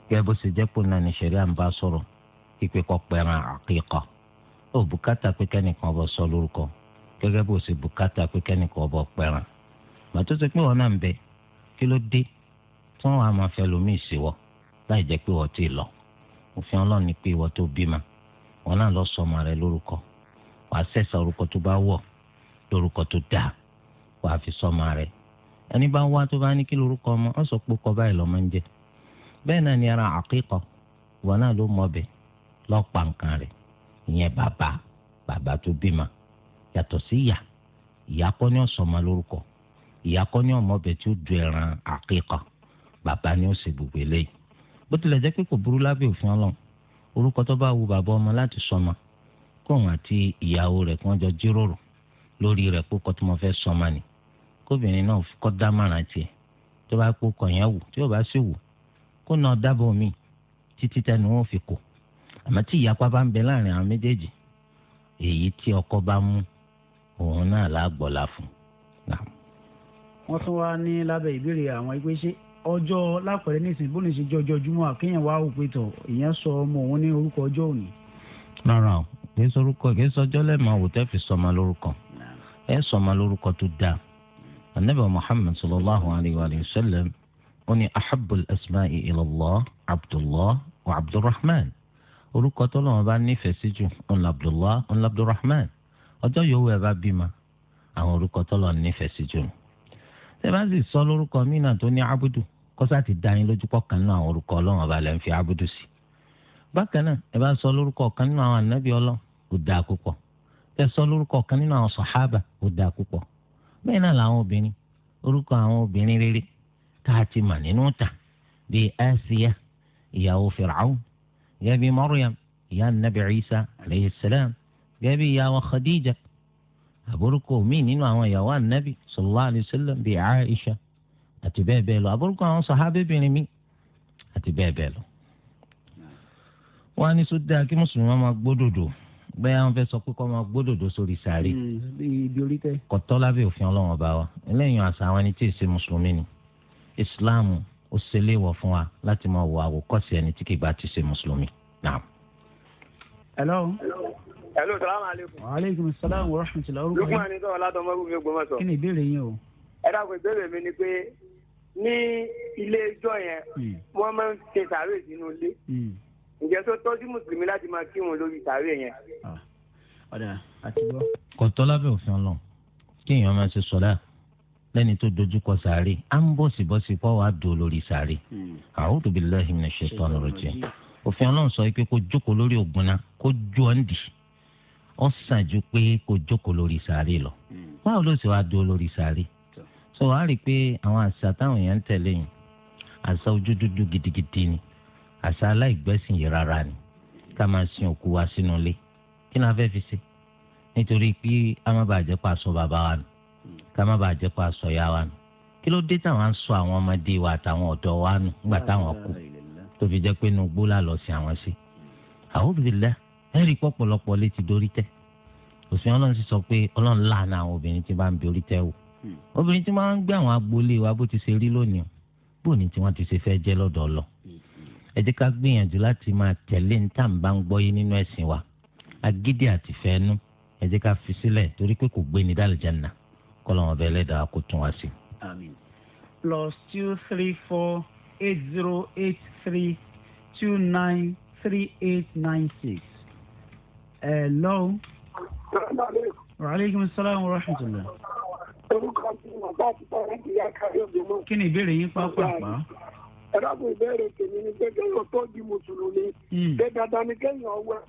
gẹ́gẹ́ bó ṣe jẹ́ pò náà ní ṣẹ̀rí à ń bá sọ̀rọ̀ pípé kọ́ pẹ̀ràn àkíkà ó bùkátà pé kẹ́nìkan bọ̀ sọ lórúkọ gẹ́gẹ́ bó ṣe bùkátà pé kẹ́nìkan bọ̀ pẹ̀ràn màtó ṣe pé wọn náà ń bẹ kí ló dé tí wọn àá máa fẹ́ lómi ìṣèwọ láì jẹ́ pé wọ́n ti lọ òfin ọlọ́run ni pé ìwọ tó bímọ wọn náà lọ sọmọ rẹ̀ lórúkọ wàá ṣẹ̀ṣà orúkọ tó bá wọ̀ lórúkọ tó dáa wàá fi sọmọ rẹ̀ ẹni bá ń wá tó bá ní kí lorúkọ ọmọ ọ̀ sọ pé kọba ẹ̀ lọ́mọ ń jẹ bẹ́ẹ̀ náà ni ara àkíkọ ìwọ náà ló mọ ọbẹ̀ lọ́ọ̀pá nǹkan rẹ̀ ìyẹn bàbá bàbá tó bímọ yàtọ̀ sí ìyá ìyá kọ́ ni ọ̀sọ̀ ọmọ lórúkọ ìyá kọ́ ni ọmọ ọbẹ̀ tí ó du ẹran àkíkọ bàbá ni ó sì gbogbo eléyìí bó tilẹ̀ jẹ́ pé kò burú lábẹ́ òfin ọlọ́run orúkọ tó bá wu bàbá ọmọ láti sọmọ kóun àti ìyàwó rẹ̀ kí wọ́n jọ jíròrò lórí rẹ̀ pé kọ́tùmọ̀ fẹ́ sọmọ ni kóbìnrin náà kọ́ dámàràn tiẹ̀ tó bá kó kọ̀yàn wù tí ó bá sì wù kó náà dábọ̀ mi títí tẹnu wọn fi kù àmọ́ tí ìyapa bá ń bẹ láàrin àwọn méjèèjì èyí tí ọkọ bá mú òun náà lágbọ́lá fún. wọ́n tún wá ní lábẹ́ ìbéèrè àwọn ẹgbẹ́ ṣé ọjọ́ lápẹ̀rẹ́ nísìn bó lè ṣe jọjọ júmọ́ àkéèyàn wá òpin tọ̀ ìyẹn sọ ọmọ òun ní orúkọ ọjọ́ òní. rárá o kì í sọ orúkọ kì í sọ ọjọ́ lẹ́ẹ̀mọ́ òwò tẹ́ fi sọmọ lórúkọ ẹ sọmọ lórúkọ tó dáa anabi muhammed sallallahu alayhi wa sallam ó ní ahabul asma'i ilallah abdullah wa abdulrahman orúkọ tó lọ́wọ́ bá nífẹ̀ẹ́ sí jù ọ̀nà abdullah ọ̀nà abdulrahman ọjọ́ yòówù ẹ̀ bá bímọ àwọn orúkọ tó lọ́wọ́ nífẹ̀ẹ́ sí jù nù. sẹ́fàǹsì sọ lórúkọ mìíràn tó ní abudu kọ́sá ti dá yín lójú pọ̀kan náà àwọn orúkọ ọlọ́wọ́n bá lẹ́ ń fi abudu sí. bákan náà ẹ bá sọ lórúkọ kan nínú àwọn ànábì ọlọ́run kò dáa púpọ̀ ẹ sọ lórúkọ kan nínú àwọn sàhábà kò dáa púpọ̀ bẹ́ẹ̀ náà làwọn obìnrin orúkọ àwọn obìnrin rere tá a ti mà nínú ta bíi Asiya ìyàwó Fir'aun gẹ́gẹ́ bíi Maryam ìyá Nabi Isa aleyhi salam gẹ́gẹ́ bíi ìyàwó Khadija àbúrúkọ mi nínú àwọn ìyàwó Ànábì sallallahu alayhi wa sallam bíi Aisha àti bẹ́ẹ̀ bẹ́ẹ̀ lọ àbúrúkọ àwọn sàhábẹ́bìnrin mi àti bẹ́ẹ̀ bẹ́ẹ̀ lọ. wọ́n á ní sódà kí mùsùlùmí máa gbódòdó bẹ́ẹ̀ wọ́n fẹ́ sọ pé kọ́ máa gbódòdó sórí sàárè hmm, kọ̀tọ́ lábẹ́ òfin ọlọ́run ọba wa ẹlẹ́yìn àṣà àwọn ẹni tí ì ṣe mùsùlùmí ni islam ó ṣe léèwọ̀ fún wa láti máa wọ àwòkọ́sí ẹni tí kì bá ti ṣe mùsùlùmí náà. hello. hello salaam aleykum. wa aleykum salaam wa rahmatulah. lukman ni sọ̀rọ̀ látọ̀ mọ́gùn mi gbọ́n sọ. kí ni ìbéèrè yín o. ẹ dàgbọ́ ìbéèrè mi ni pé ní ilé ẹjọ́ yẹn hmm. wọ́n máa ń ṣe sàárè sínú ilé. Hmm ǹjẹ́ tó tọ́jú mùsùlùmí láti máa kírun lórí sàárè yẹn. Ah, kò tọ́ lábẹ́ òfin ọlọ́run kí èèyàn máa ṣe sọ́lá lẹ́ni tó dojúkọ sàárè á ń bọ̀sibọ́sí pọ̀ wá dùn lórí sàárè hmm. a'udhu billahi minash shaitani rajim òfin ọlọ́run sọ pé kó jókòó lórí ògùn náà kó jó ọ́ ń dì ó sàn ju pé kó jókòó lórí sàárè lọ hmm. báwo ló sì wá dùn lórí sàárè sọ wàá rí i pé àwọn àṣà táwọn èèyàn ń tẹ̀lé yìí àṣà ojú dúdú gidigidi ni àṣà aláìgbẹ́sìn yìí rárá ni ká máa sin òkú wa sínú ilé kí ni a fẹ́ fi ṣe nítorí pé a má bàa jẹ́ pa aṣọ bàbá wa nù ká má bàa jẹ́ pa aṣọ ìyá wa nù kí ló dé táwọn ń sọ àwọn ọmọdé wa àtàwọn ọ̀dọ́ wa nù nígbà táwọn kú tó fi jẹ́ pé inú gbólà lọ sí àwọn sí àwòrán ẹ̀rí pọ̀pọ̀lọpọ̀ létí dorí tẹ́ òsìn ọlọ́run sì sọ pé ọlọ́run láàánú àwọn obìnrin tí bá ń bi orí tẹ́ wò obìnrin tí máa ń gbé àwọn agboolé wa bó ti ṣe rí lónìí bó ni tí wọ́n ti ṣe fẹ́ jẹ́ lọ́dọ̀ ọlọ́run ẹ jẹ́ ká gbìyànjú láti máa tẹ̀lé níta ń bá ń gbọ́ yín nínú ẹ̀sìn wa agídí àti fẹ́ẹ́nú ẹ jẹ́ ká fi sílẹ̀ torí pé kò gbé ní dàlùjánnà kọ́lọ́wọ́n bẹ́ẹ̀ lẹ́dàá kó tún wá sí. plus two three four eight zero eight three two nine three eight nine six. hello. wa aleykum salaam wa rahmatulah. orúkọ mi ni bàbá àti bàbá ìyá kan yóò dé mọ́. kí ni ìbéèrè yín pàápàá ẹ̀rọ̀bù ìbéèrè tèmi ni pé kéèyàn hmm. tó di mùsùlùmí ṣé dandan ni kéèyàn wẹ̀.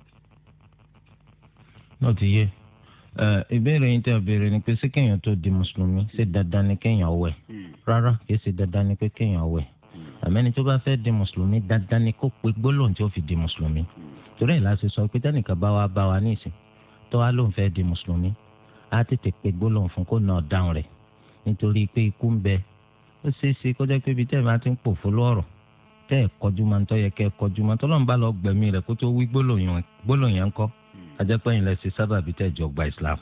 náà ti yé ìbéèrè yín tẹ́ ọ béèrè ni pé ṣé kéèyàn tó di mùsùlùmí ṣé dandan ni kéèyàn wẹ̀ rárá kìí ṣe dandan ni pé kéèyàn wẹ̀ hmm. àmẹ́ni tó bá fẹ́ di mùsùlùmí dandan ni kó pe gbólóhùn tí ó fi di mùsùlùmí hmm. torí ẹ̀ la ṣe sọ pé tẹ́nìkan bá wa bá wa ní ìsìn tó wá lóun fẹ́ di mùsùlùmí á tètè pe gbólóhùn fún kó náà dáhùn rẹ̀ nítorí pé ikú ń bẹ ó ṣeé ṣe kọjá pé ibi tẹ́ ẹ̀ bá ti ń pòfó lọ́rọ̀ tẹ́ ẹ̀ kọjú máa ń tọ́ yẹ kẹ́ ẹ̀ kọjú máa tọ́lọ́run bá lọ gbẹ̀mí rẹ̀ kó tó wí gbólóyìn kọ́ ajẹ́pẹ́yìn lẹ́sìn sábàbí tẹ́ jọ gba Islam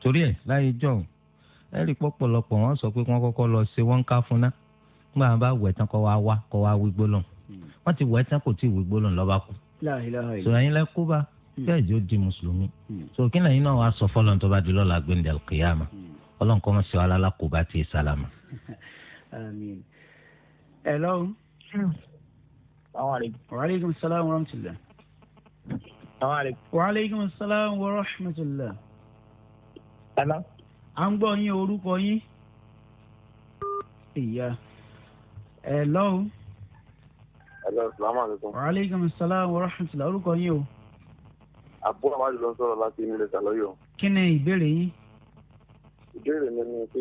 torí ẹ̀ láyé jọ̀hún ẹ̀rí pọ̀pọ̀lọpọ̀ wọn sọ pé wọ́n kọ́kọ́ lọ ṣe wọ́n ká fúnná nígbà wọn bá wẹ̀ tán kọ́ wa wá kọ́ wa wí gbólóhùn wọ́n ti wẹ̀ tán kò tí ì wí gbólóhùn lọ́ba kú sọ̀rọ̀ yín lẹ́kú bá bẹ́ẹ̀ hmm. jọ di mùsùlùmí hmm. sọ̀rọ̀ kí lẹ́yìn àmín. hello. wa aleykum salaam wa rahmatulah. wa aleykum salaam wa rahmatulah. hello. à ń gbọ́ yín orúkọ yín. ìyá. hello. hello salaamaleykum. wa aleykum salaam wa rahmatulah orúkọ yín o. àbúrò wa ló ń sọ̀rọ̀ láti ilé ìsàlọ́yọ̀. kí ni ìbéèrè yín ìbéèrè mi ni pé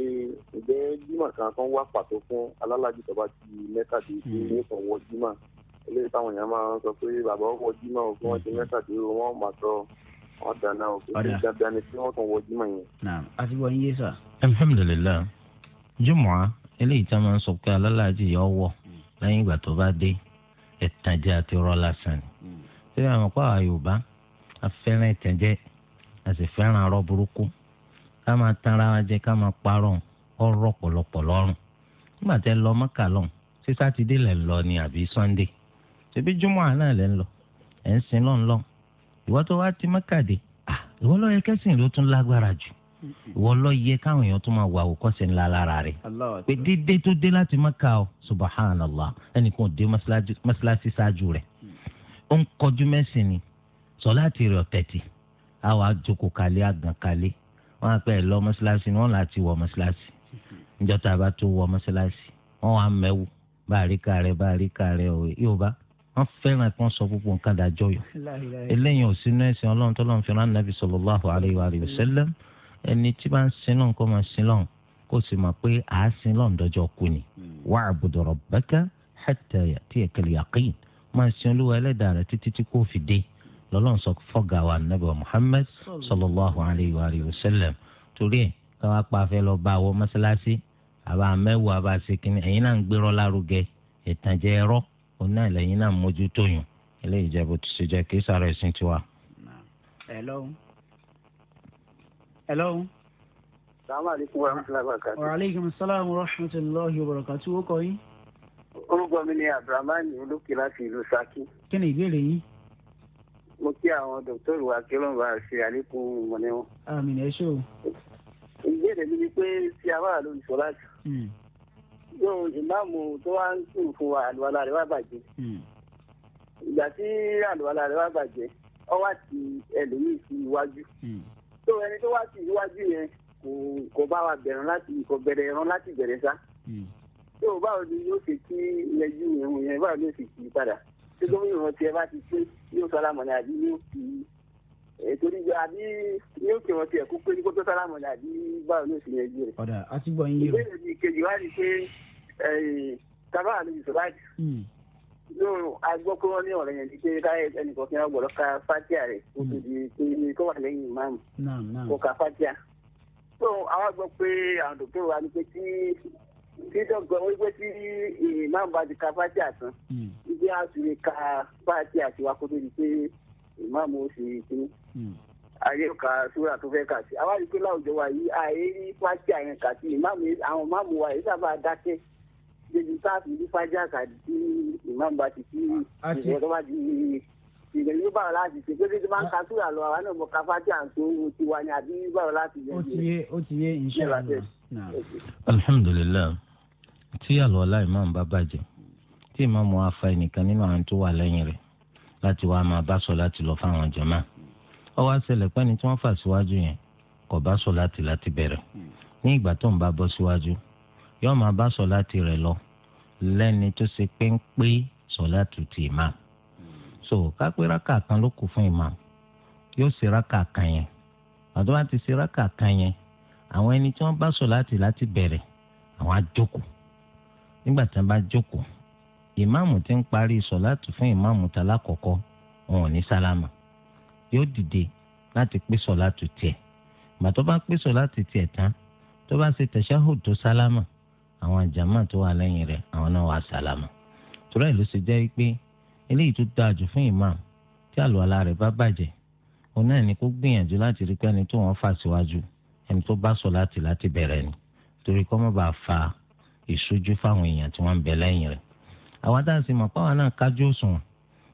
ìgbẹ́ jimá kan kan wá pàtó fún alálàájì tó bá ti mẹ́ta dé sí nìkan wọ jimá eléyìí táwọn èèyàn máa ń sọ pé bàbá wọ jimá o kí wọ́n ti mẹ́ta o wọ́n máa sọ wọ́n dáná o kí wọ́n dáadáa ni kí wọ́n kàn wọ jimá yẹn. naam àti wọ iye sà. alhamdulilayi jùmọ̀ eléyìí tá máa ń sọ pé alálàájì yọ wọ lẹ́yìn ìgbà tó bá dé ẹ̀tànjẹ àti rọ́ lásán hmm. ṣé àwọn ọkọ̀ àyùbá afẹ́ràn ẹ̀tànjẹ àti fẹ́ràn arọ́ burúkú ká máa tanra wa jẹ ká máa parọ́ ọ̀rọ̀ pọ̀lọpọ̀ lọ́rùn nígbà tẹ́ lọ mọ́kà lọ ṣé sátidé lẹ̀ ń lọ ni àbí sọ́ndé ṣebí júmọ́ àná lẹ̀ ń lọ ẹ̀ ń sin lọ́n lọ́n ìwọ tó wá ti mọ́kà dé ìwọ ló yẹ kẹ́sìn ló tún lágbára jù ìwọ ló yẹ káwọn èèyàn tún máa wà òkọ́sẹ̀ ńlá lára rẹ̀ pé dédé tó dé láti mọ́kà o subhanallah ẹnìkan dé mọ́ṣáláṣí ṣáájú rẹ̀ ó ń kọjú mẹ́sìn ni sọ láti rẹ̀ àwọn àjòkò kalẹ̀ àgàn kalẹ̀ wọn àpẹ ẹ lọ mọ́ṣáláṣí ni wọn là ti wọ mọ́ṣáláṣí níjọ́ tá a bá tó wọ mọ́ṣáláṣí wọn wà mẹ́wù bá a rí ká rẹ bá a rí ká rẹ òwe yóò bá wọn fẹ́ràn kí wọn sọ gbogbo nǹkan dájọ́ yọ eléyìí ò sínú ẹ̀sìn Ọlọ́run tó lọ́run fi rán nàbì sallallahu alaihi wa alihi wasallam ẹni tí bá ń sin náà máa sin lọ́run kó sì mọ̀ pé à á sin lọ́run dọ́jọ́ kú ni wa'bud rabbaka hatta ya'tiyakal yaqin máa sin olúwa ẹlẹ́dàá rẹ títí tí kò fi dé lọ́lọ́run sọ fọ́gà wa nàbẹ̀ Muhammad sallallahu alayhi wa sallam torí ẹ̀ káwá pa afẹ́ lọ bá wọ mọ́sálásí àbá mẹ́wàá àbá sekinni ẹ̀yin náà ń gbérọ́ lárugẹ ìtànjẹ ẹ̀rọ òun náà lẹ́yìn náà mójútó yùn eléyìí jẹ́ bó ti ṣe jẹ́ kí sàrẹ̀ sìn tiwa. hello hello. salaamaleykum wa rahmatulahi wa barakatu. wa aleykum salaam wa rahmatulahi wa barakatu. ó kọ yín. orúkọ mi ni abdulhamani olókè láti ìlú Ṣakí. kí ni ìbéèrè yín mo kí àwọn dọ́kítọ́rù wa kí ọlọ́run bá ṣe àlékún ìmọ̀lẹ́ wọn. àmín ẹ ṣé o. ìbéèrè mi ni pé tí a bá wà lórí sọlá jù. Hmm. yóò ìmáàmù tó wá ń kírun fún wa àlùwalá rẹ̀ wá bàjẹ́. Hmm. ìgbà tí àlùwalá rẹ̀ wá bàjẹ́ ọ wá ti ẹlòmíì sí iwájú. tó hmm. ẹni tó wá sí iwájú yẹn kò kò bá wa bẹ̀rẹ̀ láti kò bẹ̀rẹ̀ ẹran láti bẹ̀rẹ̀ sá. tó báwo ni yóò ṣe kí ẹjú ìrùn yẹn báwo ni yóò ṣe kí padà tí gómìnà tiẹ̀ bá ti pé yóò sálámọ̀ ní àbí yóò fi torí gba àbí yóò kí wọn tiẹ̀ kó pé kó tó sálámọ̀ ní àbí báwo ló sì yẹn jù rẹ̀. ọ̀dà a yín yé ìbéèrè mi kejì wá ni pé tábà àlejò ìṣòro àjù. lóòrùn a gbọ́ pé wọ́n ní ọ̀rẹ́ yẹn ti pé táyà ẹnìkan fi hàn gbọ́dọ̀ ka fátíà rẹ̀ kó tó di pé kó wà lẹ́yìn ìmáàmù kó ka fátíà. tó àwọn gbọ́ pé àwọn dòkítà wa ni dídọ́gbọ̀n wípé tí ìmáàmù bá ti ka fáti àtàn wípé a sì lè ka fáti àti wa kó tó di pé ìmáàmù ó sì kíní hmm. ayé ka sóra tó fẹ́ kà sí àwa rí pé láwùjọ wa yìí àyè rí fáti àyẹn kà sí ìmáàmù àwọn ìmáàmù wa yìí sábà dákẹ́ débi káàfin ní fájà kà sí ìmáàmù bá ti kí ìrọ̀lọ́ bá ti ìgbẹ̀rù báwo láti ṣe pé títí máa ń ka sóra lọ àwa náà mọ ká fáti owó tiwa ni àbí báwo láti yẹ. ó ti yé ó ti yé inshallah tí àlùwàlá ìmáàmù bá bàjẹ́ tí ìmáàmù wa fa ẹnìkan nínú àwọn tó wà lẹ́yìn rẹ̀ láti wá máa bá sọ láti lọ fáwọn jàmáà ó wá ṣẹlẹ̀ pẹ́ni tí wọ́n fà síwájú yẹn kò bá sọ láti láti bẹ̀rẹ̀ ní ìgbà tó ń bá bọ́ síwájú yóò máa bá sọ láti rẹ̀ lọ lẹ́ni tó ṣe pé ń pé sọ láti ti ìmáà so kápẹ́ rákà kan ló kù fún ìmáà yóò ṣe rákà kan yẹn àdó bá ti ṣe rákà kan yẹn àwọn ẹni tí wọ́n bá sọ láti láti bẹ̀rẹ̀ àwọn á jókòó nígbà tí wọ́n bá jókòó ìmáàmù tí ń parí sọ̀láàtù fún ìmáàmù tàlá kọ̀kọ́ wọn ò ní sálámà yóò dìde láti pé sọ̀láàtù tiẹ̀ gbà tó bá pé sọ̀láàtù tiẹ̀ tán tó bá ṣe tẹ̀ṣáhùd tó sálámà àwọn jàmáà tó wà lẹ́yìn rẹ̀ àwọn náà wà sálámà torí ẹ̀ ṣe jẹ́ pé eléyìí tó dáa jù fún ìmáàmù tí àlùwàlá rẹ̀ bá bàjẹ́ òun náà ni kó gbìyànjú láti rí pẹ́ni tó wọ́n fà síwájú ẹni tó bá sọ̀láàtì láti bẹ̀rẹ̀ ni torí kó má bàa fa ìṣojú fáwọn èèyàn tí wọ́n ń bẹ lẹ́yìn rẹ̀ àwa tá a sì mọ̀ páwa náà kájú òṣùwọ̀n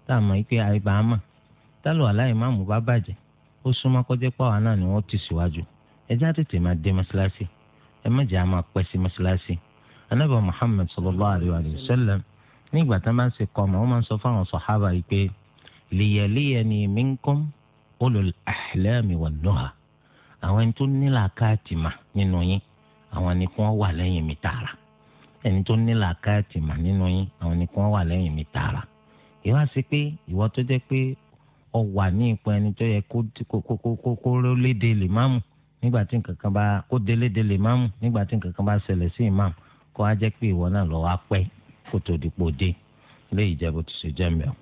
tá a mọ̀ pé àìbá a mọ̀ tálọ̀ aláì bá bàjẹ́ ó súnmọ́ kọjá páwa náà ni wọ́n ti síwájú ẹjẹ́ àtètè máa dé mọ́ṣáláṣí ẹ mọ̀jẹ̀ á máa pẹ́ sí mọ́ṣáláṣí anábà Muhammad sallallahu alayhi wa nígbà tá a máa ń ṣe kọ́ ó máa ń sọ fáwọn sọ̀hábà yìí pé liyaliyani ni kí wọ́n wà ẹni tó ní làákàtì mà nínú yín àwọn ni kí wọ́n wà lẹ́yìn mi tààrà ìwá sí pé ìwọ tó jẹ́ pé ọ wà ní ipò ẹni tó yẹ kó léde lè máàmù nígbà tí nǹkan kan bá kó délédé lè máàmù nígbà tí nǹkan kan bá ṣẹlẹ̀ sí ìmáàmù kó wá jẹ́ pé ìwọ náà lọ wá pẹ́ kó tó dipò dé ilé ìjẹ́bù tó ṣe jẹ́ mẹ́ọ̀.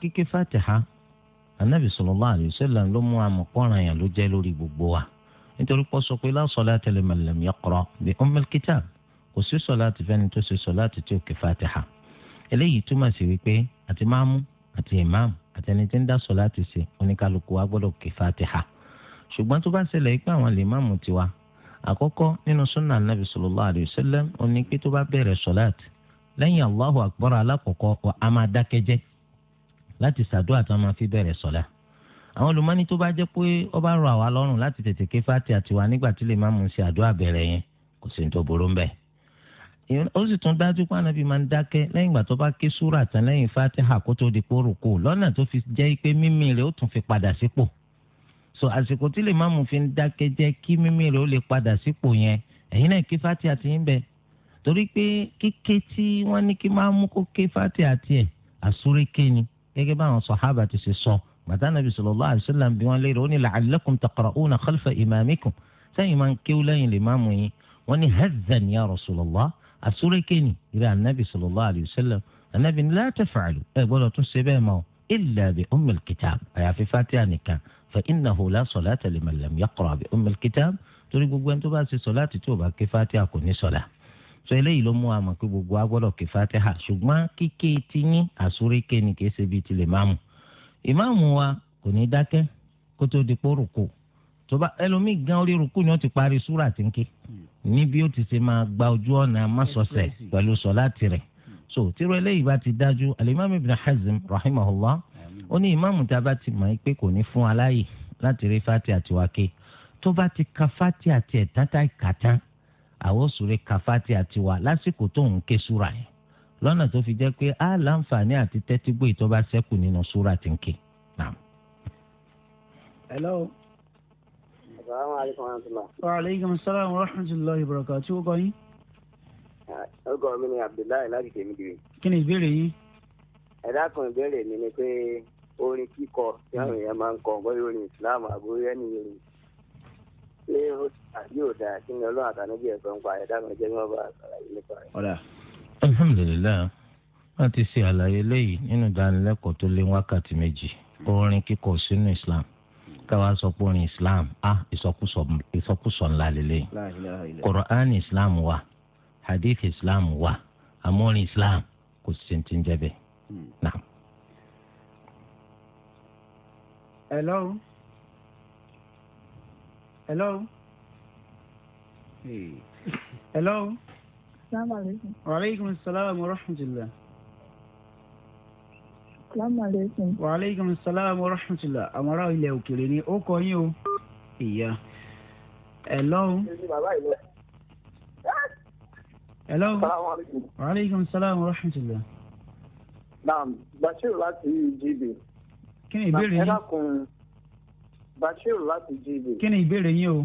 kíké fatiha anabi sallallahu alaihi wasallam ló mú amọ̀kọ́ràn yẹn ló jẹ́ lórí gbogbo wa nítorí pọ́ sọ pé la salata liman lam yaqra bi ummil kitab kò sí sọláàtì fẹ́ni tó ṣe sọláàtì tí ó ké fatiha eléyìí túmọ̀ sí wípé àti máàmù àti ìmáàmù àti ẹni tí ń dá sọláàtì ṣe oníkálukú wa gbọ́dọ̀ ké fatiha ṣùgbọ́n tó bá ṣẹlẹ̀ pé àwọn lè máàmù tiwa àkọ́kọ́ nínú sunna anabi sallallahu alayhi wa ó ní pé tó bá bẹ̀rẹ̀ sọláàtì lẹ́yìn allahu akbar alákọ̀ọ́kọ́ a máa dákẹ́jẹ́ láti ṣàdúrà tó máa fi bẹ̀rẹ̀ sọlá àwọn olùmọ́ni tó bá jẹ́ pé ó bá rọ àwa lọ́rùn láti tètè ké fatiha tiwa nígbà tí lè máàmù ṣe àdúrà bẹ̀rẹ̀ yẹn kò sí ní tó burú ń bẹ́ẹ̀ ó sì tún dájú pé ànábì máa ń dákẹ́ lẹ́yìn ìgbà tó bá ké súrà tán lẹ́yìn fatiha kó tó di kórokò lọ́nà tó fi jẹ́ pé mímí rẹ̀ ó tún fi padà sípò so àsìkò tí lè máàmù fi ń dákẹ́ jẹ́ kí mímí rẹ̀ ó lè padà sípò yẹn ẹ̀yin náà ké fatiha ti ń bẹ torí pé kíké tí wọ́n ní kí máàmù kó ké fatiha tiẹ̀ àsúrékè ni gẹ́gẹ́ báwọn sàhábà ti ṣe sọ bàtà bí wọ́n léèrè àsúrékè ni ìrẹ anabi sallallahu alayhi wa sallam anabi ní la taf'alu ẹ gbọ́dọ̀ tún ṣe bẹ́ẹ̀ mọ́ illa bi ummil kitab àyàfi fatiha nìkan fa innahu la salata liman lam yaqra bi ummil kitab torí gbogbo ẹni tó bá ṣe sọláàtì tí ò bá ké fatiha kò ní sọlá sọ eléyìí ló mú wa mọ̀ pé gbogbo wa gbọ́dọ̀ ké fatiha ṣùgbọ́n kíké tiyín àsúrékè ni kì í ṣe bíi tilẹ̀ máàmù ìmáàmù wa kò ní dákẹ́ kó tó di pórùkù tọba ẹlòmíì gan orí rúkú ni ó ti parí súrà tí ń ké níbi ó ti ṣe máa gba ojú ọ̀nà amásọ̀sẹ̀ pẹ̀lú sọ̀láàtì rẹ̀ so tírọ eléyìí bá ti dájú alimami ibn hazim rahimahullah ó ní ìmáàmù tá a bá ti mọ̀ ẹ́ pé kò ní fún aláyè láti rí fati àti wáké tó bá ti ka fati àti ẹ̀tán tá àwọn sùrè ka fati àti wà lásìkò tó ń ké súrà yẹn lọ́nà tó fi jẹ́ pé á láǹfààní àti tẹ́tígbó ìtọ́ba sẹ́kù nínú súrà tí ń ké. Hello salaamaleykum wa rahmatulah. wa aleykum salaam wa rahmatulahi wa barakatuh o kọ yín. Ah, orúkọ mi ni abdullahi láti tèmi dìbò. kí ni ìbéèrè yín. ẹ dákun ìbéèrè mi ni pé orin kíkọ tí àwọn èèyàn máa ń kọ bóyá orin islam àbúrò ẹni orin ṣé ó tàbí ò dáa kí ni ọlọ́run àtànújì ẹ̀sọ́ ń pa ẹ̀dá kan jẹ́ kí wọ́n bá àlàyé nípa rẹ̀. alhamdulilayi wọn ti ṣe àlàyé lẹ́yìn nínú ìdánilẹ́kọ̀ọ́ tó lé wákàtí méjì orin kíkọ sínú islam kan wá sọ pé orin islam ah ìsọkúsọ ńlá lélẹ̀ kọ̀rọ̀án islam wà hadith islam wà amórin islam kò sí ti ń jẹ́ bẹ́ẹ̀ hmm. náà. hello hello hey. hello. salaamaleykum. wa salaam wa rahmatulah salaamaleykum. waaleykum salaam wa rahmatulah àwọn ará ilẹ̀ òkèèrè ni ó kọ yín o. ìyá ẹ lọ́hùn. ẹ lọ́hùn. waaleykum salaam wa rahmatulah. naam bashir láti jíbe. kí ni ìbéèrè yín. ẹ dákun bashir láti jíbe. kí ni ìbéèrè yín o.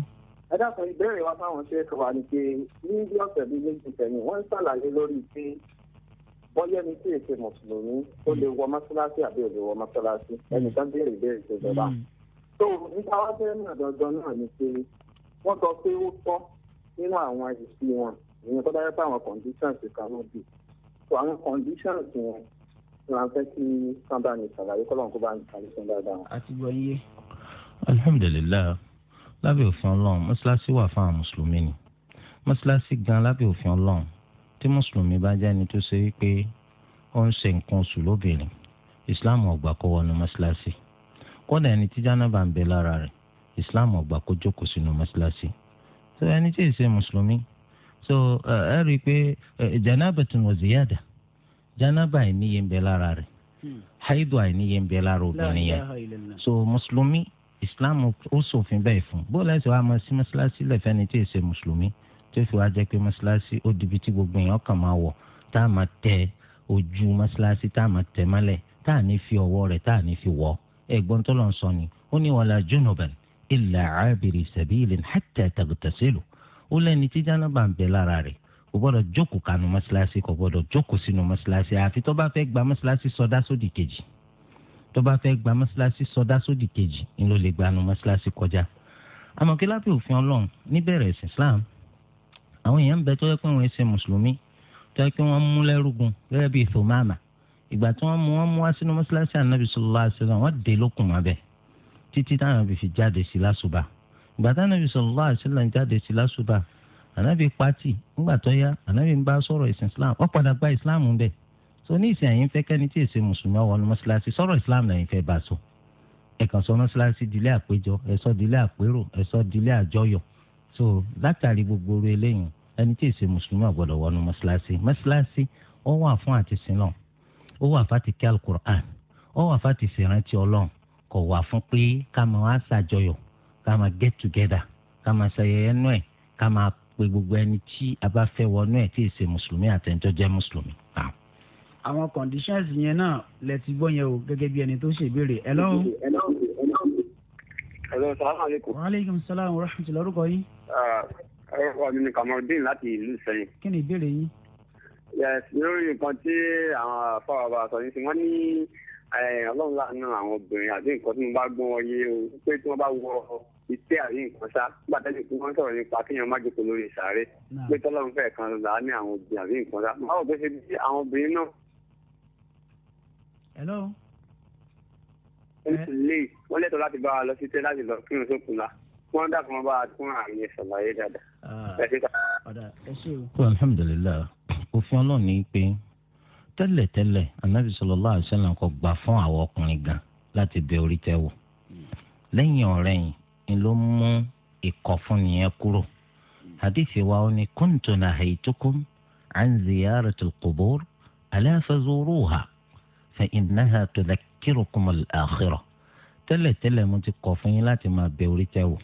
ẹ dákun ìbéèrè wa fáwọn ṣe é kọ wa ni pé ní bí ọ̀sẹ̀ bíi méjì sẹ́yìn wọ́n ń ṣàlàyé lórí pé bọ́yá ni tí èsì mùsùlùmí ó lè wọ mọ́ṣáláṣí àbí ò lè wọ mọ́ṣáláṣí mm. ẹnìkan béèrè béèrè tó jọba. tó mm. nípa wá fẹ́ náà dandan náà ni pé wọ́n sọ pé ó tọ́ nínú àwọn ìsí wọn ìyẹn tó dájọ́ pé àwọn conditions kan ló bì. tó àwọn conditions wọn la fẹ́ kí sábà ní sàlàyé kọ́lọ́n kó bá ní sàlàyé fún dáadáa. àti gbọ́yé. alhamdulilayi lábẹ́ òfin ọlọ́run mọ́ṣáláṣí wà fún àwọn mùsùlùmí ni mọ́ṣáláṣí gan lábẹ́ òfin ọlọ́run tí mùsùlùmí bá jẹ́ ẹni tó ṣe wípé ó ń ṣe nǹkan oṣù lóbìnrin islam ò gbà kó wọnú mọ́ṣáláṣí kódà ẹni tí jánábà ń bẹ lára rẹ̀ islam ò kó jókòó sínú mọ́ṣáláṣí so ẹni tí ì ṣe mùsùlùmí so ẹ rí i pé janabatun wa ziyada jánábà àìníye ń bẹ lára rẹ̀ hmm. haidu àìníye ń bẹ lára obìnrin yẹn so mùsùlùmí islam ó ṣòfin bẹ́ẹ̀ fún bó lẹ́sẹ̀ wàá mọ sí mọ́ṣáláṣí lẹ́fẹ̀ẹ́ ẹni tí ì ṣe mùsùlùmí tó fi wá jẹ́ pé mọ́ṣáláṣí ó dibi tí gbogbo èèyàn kàn máa wọ̀ tá a máa tẹ ojú mọ́ṣáláṣí tá a máa tẹ mọ́lẹ̀ tá a ní fi ọwọ́ rẹ̀ tá a ní fi wọ̀ ẹ̀gbọ́n tó lọ sọ ni ó ní wala junuban illa abiri sabilin hatta tagtasilu ó lẹ́ni tí jánábà ń bẹ lára rẹ̀ kò gbọ́dọ̀ jókòó kanu mọ́ṣáláṣí kò gbọ́dọ̀ jókòó sínú mọ́ṣáláṣí àfi tó bá fẹ́ gba mọ́ṣáláṣí sọdá sódì kejì tó bá fẹ́ gba mọ́ṣáláṣí sọdá sódì kejì ni ló lè gbanu mọ́ṣáláṣí kọjá àmọ́ kí lábẹ́ òfin ọlọ́run níbẹ̀rẹ̀ ẹ̀sìn Islam àwọn èèyàn ń bẹ tó yẹ pé wọ́n ṣe mùsùlùmí tó yẹ pé wọ́n mú lẹ́rùgùn gẹ́gẹ́ bíi thomama ìgbà tí wọ́n mú wọ́n mú wá sínú mọ́ṣáláṣí ànábì sallallahu alaihi wasallam wọ́n dé lókùn abẹ títí táwọn àbí fi jáde sí lásùbà ìgbà tí ànábì sallallahu alaihi wasallam jáde sí lásùbà ànábì pati ńgbà tó yá ànábì ń bá sọ̀rọ̀ islam wọ́n padà islam bẹ́ẹ̀ so ní ìsìn àyín fẹ́ kẹ́ni tí èsì mùsùlùmí ọwọ́ ní islam lẹ́yìn fẹ́ bá sọ ẹ̀kan sọ mọ́ṣáláṣí dilé àpéjọ ẹ̀sọ́ dilé àpérò ẹ̀sọ́ dilé àjọyọ̀ so látàrí gbogbo orí eléyìí ẹni tí èsì mùsùlùmí àgbọ̀dọ̀ wọnú mọ́ṣáláṣí mọ́ṣáláṣí ó wà fún àti sílọ̀ ó wà fáti kí alukur'an ó wà fáti ṣèrántí ọlọ́run kò wà fún pé ká máa wá ṣàjọyọ̀ ká máa get together ká máa ṣayẹyẹ nú ẹ̀ ká máa pe gbogbo ẹni tí a bá fẹ́ wọnú ẹ̀ tí èsì mùsùlùmí àtẹ̀ńtọ́ jẹ́ mùsùlùmí. àwọn conditions yẹn náà lẹ gbọ́ yẹn o gẹ́gẹ́ bí ẹni tó ṣèbéèrè ẹ lọ́wọ́. Hello, salaam aleykum. Wa aleykum salaam wa rahmatullahi wa barakatuh orúkọ mi ni kamaldeen láti ìlú sẹ́yìn. kí ni ìbéèrè yín. lórí nǹkan tí àwọn afọwọ́ba sọ ní sí wọ́n ní ọlọ́run láàánú àwọn obìnrin àti nǹkan tí mo bá gbọ́ wọn yé o pé tí wọ́n bá wọ iṣẹ́ àrí nǹkan sá nígbà tẹ́lẹ̀ tí wọ́n sọ̀rọ̀ nípa kéèyàn má jókòó lórí ìsàárè pé tọ́lọ́run fẹ́ẹ̀ kan láàánú àwọn obìnrin àrí nǹkan sá máa wò pé ṣe bí àwọn obìnrin náà. hello. wọ́n lẹ́tọ̀ọ́ láti bá wa lọ sí tẹ́ láti lọ kírun sókun la wọn dàkún bá a tún àmì ìṣàlàyé dáadáa. Ah. alhamdulilayi òfin ọlọ́run ní pé tẹ́lẹ̀tẹ́lẹ̀ anabi sallallahu alaihi wasallam kò gbà fún àwọn ọkùnrin gan láti bẹ orí tẹ́ wò lẹ́yìn ọ̀rẹ́ yìí ni ló mú ìkọ̀fúnni yẹn kúrò hadithi wa ó ní kuntu nahaytukum an ziyaratil qubur ala fazuruha fa innaha tudhakkirukum al-akhirah tẹ́lẹ̀tẹ́lẹ̀ mo ti kọ̀ fún yín láti máa bẹ orí tẹ́ wò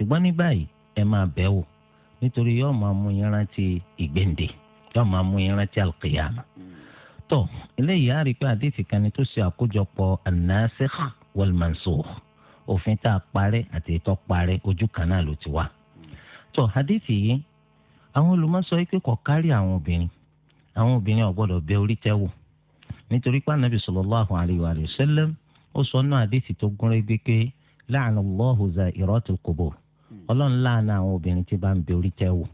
ṣùgbọ́n ní báyìí ẹ máa bẹ̀ wò nítorí yóò máa mú yín rántí ìgbéǹde yóò máa mú yín rántí alqiyama. tó eléyìí á rí i pé àdéhìí kan ni tó ṣe àkójọpọ̀ an-nasikh wal-mansukh òfin tá a parẹ́ àti ètò parẹ́ ojú kan náà ló ti wá. tó àdéhìí yìí àwọn olùmọ̀sọ yìí kò kárí àwọn obìnrin àwọn obìnrin ò bẹ orí tẹ́wò nítorí pé anabi sallallahu alayhi wa sallam ó sọ náà àdéhìí tó gúnrégé pé la'ana Allahu za'iratil qubur Hmm. ọlọ́run láàánú àwọn obìnrin tí bá ń bẹ orí tẹ́ wò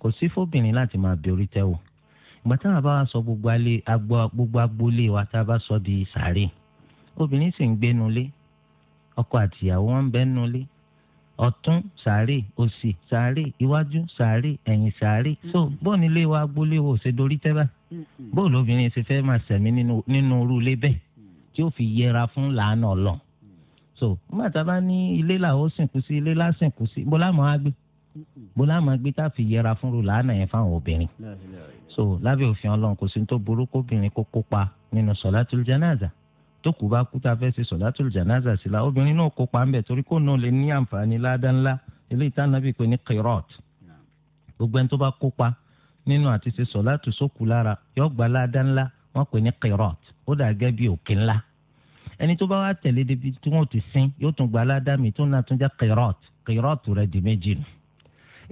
kò sí fóbìnrin láti máa bẹ orí tẹ́ wò ìgbà táwọn bá sọ gbogbo agboolé wa tá a bá sọ di sàárè obìnrin sì ń gbénulé ọkọ àtìyàwó wọn ń bẹ́nulé ọ̀tún sàárè òsì sàárè iwájú sàárè ẹ̀yìn sàárè so hmm. bóun ilé wa agboolé wo ṣe dorí tẹ́ báyìí hmm. bóun lóbìnrin ṣe fẹ́ máa sẹ̀mí nínú irú ilé bẹ́ẹ̀ tí ó fi yẹra fún làánà ọlọ́run so nígbà tá a bá ní ilé làwọn sìnkú sí ilé lásìnkú sí bó láwọn á gbé bó láwọn á gbé tá a fi yẹra fún rò lánà yẹn fáwọn obìnrin so lábẹ́ òfin ọlọ́run kò sí tó burú kóbìnrin kó kópa nínú sọ̀látùl jánásà tó kù bá kú tá a fẹ́ ṣe sọ̀látùl jánásà sí la obìnrin náà kópa ń bẹ̀ torí kó náà lè ní àǹfààní ládá ńlá eléyìí tá a nàbì pé ní kírọ́ọ̀t gbogbo ẹni tó bá kópa nínú àti ṣe sọ̀látù sókù lára yọ ẹni tó bá wá tẹ̀lé débi tí wọ́n ti sin yóò tún gba aládàmì tó náà tún jẹ́ kẹrọ́t kẹrọ́t rẹ̀ di méjì nù.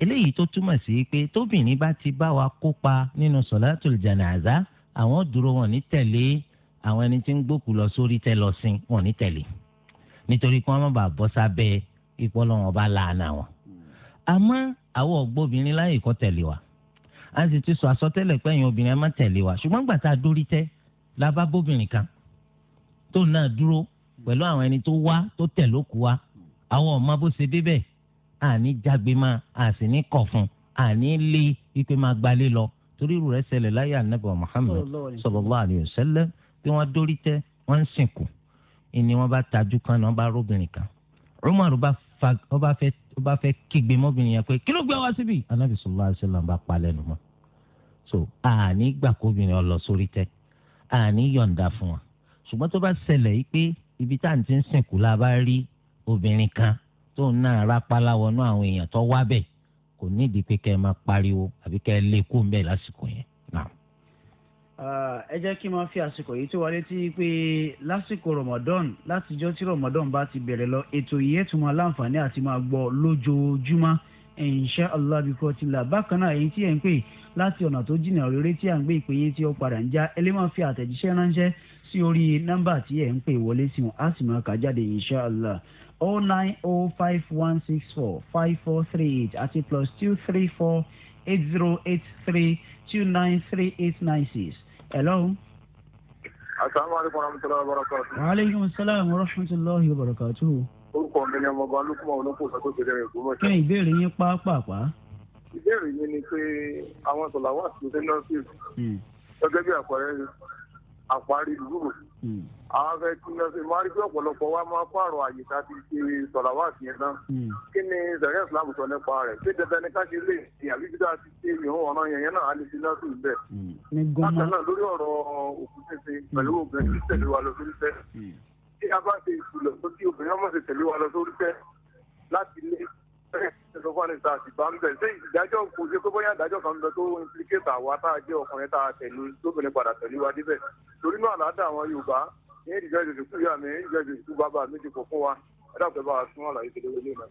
eléyìí tó túmọ̀ sí pé tóbìnrin bá ti bá wa kópa nínú sọ̀látùl jánásà àwọn dúró wọn ní tẹ̀lé àwọn ẹni tí ń gbókù lọ sórí tẹ lọ sin wọn ní tẹ̀lé nítorí kí wọ́n má bàa bọ́ sábẹ́ ipò lọ́wọ́n bá láàánà wọn. àmọ́ àwọn ọ̀gbọ́bìnrin láyè kọ́ tẹ̀lé wa a sì ti sọ àsọtẹ́lẹ̀ pẹ́yìn tó náà dúró pẹ̀lú àwọn ẹni tó wá tó tẹ̀ lókù wa àwọn ọmọ bó ṣe débẹ̀ àní jágbe máa àsì ní kọ̀ àní lé ipe máa gbalé lọ torí rẹ̀ ṣẹlẹ̀ láyé anabi Muhammad sallallahu alayhi wa sallam bí wọ́n dórí tẹ́ wọ́n ń sìnkú ìní wọ́n bá tajú kan náà wọ́n bá róbìnrin kan Umaru bá fa ọba fẹ ọba fẹ kígbe mọbìnrin yẹn pé kí ló gbé wá síbí anabi sallallahu alaihi wasallam bá palẹ̀ nù mọ́ so àní gbàkóbìnrin ọlọ sórí tẹ àní yọ̀ǹda fún wa ṣùgbọ́n tó bá ṣẹlẹ̀ yìí pé ibi tá à ń ti ń sìnkú la bá rí obìnrin kan tó ń náà rápálá wọnú àwọn èèyàn tó wá bẹ̀ kò nídìí pé kẹ́ ẹ máa pariwo àbí kẹ́ ẹ lé kó ń bẹ̀ lásìkò yẹn náà. ẹ jẹ́ kí n máa fi àsìkò yìí tó wa létí pé lásìkò Ramadan látijọ́ tí Ramadan bá ti bẹ̀rẹ̀ lọ ètò yìí ẹ̀ máa láǹfààní àti máa gbọ́ lójoojúmọ́ insha allah ti là bákan náà èyí tí ẹ̀ ń pè láti ọ̀nà tó jìnnà rere tí à ń gbé ìpè sí orí nọ́mbà tí ẹ̀ ń pè wọlé sí wọn á sì máa kà jáde inshallah o oh nine o oh five one six four five four three eight àti plus two three four eight zero eight three two nine three eight nine six. hello. asalaamualeykum wa rahmatulahi wa barakatuhu. wa aleykum salaam wa rahmatulahi wa barakatuhu. orúkọ mi ni ọmọ ọba olókùnmọ̀ olókùn sọ́kò ìṣẹ̀lẹ̀ rẹ̀ gbọ́dọ̀. kí ni ìbéèrè yín pàápàá? ìbéèrè yín ni pé àwọn sọ̀làwà sí ṣẹ́ńdọ̀sì hmm. gẹ́gẹ́ bí àpẹẹrẹ àparí lúrò. Hmm. àwọn fẹ́ kí wọ́n ṣe máa rí bí ọ̀pọ̀lọpọ̀ wa máa pààrọ̀ àyè tá a ti ṣe sọ̀làwà sí yẹn náà. Hmm. kí ni sẹ̀rẹ̀ islam sọ nípa rẹ̀ ṣé dandan ni ká ṣe lè ṣe àbí bí dáa ti ṣe ìhun ọ̀ràn yẹn náà á lè ṣe lásù bẹ́ẹ̀. bákan náà lórí ọ̀rọ̀ òkú ṣíṣe pẹ̀lú hmm. obìnrin tí tẹ̀lé wa lọ sórí tẹ́ tí a bá ṣe ìṣùlọ̀ tó tí obìnrin ọmọ ṣe tẹ̀lé wa lọ sórí tẹ́ láti lé ìfọwọ́ni ta sì bá ń bẹ̀ ṣé ìdájọ́ kò ṣe pé bóyá ìdájọ́ kan lọ tó implicate àwa tá a jẹ́ ọkùnrin tá a tẹ̀lé lóbìnrin padà tẹ̀lé wa débẹ̀ torí náà àlàáda àwọn Yorùbá ní ìdíjọ́ ìdòdòkú yà mí ìdíjọ́ ìdòdòkú bàbá mi ti kò fún wa ẹ dàpẹ́ bá a sún àlàyé tẹ̀lé wọlé náà.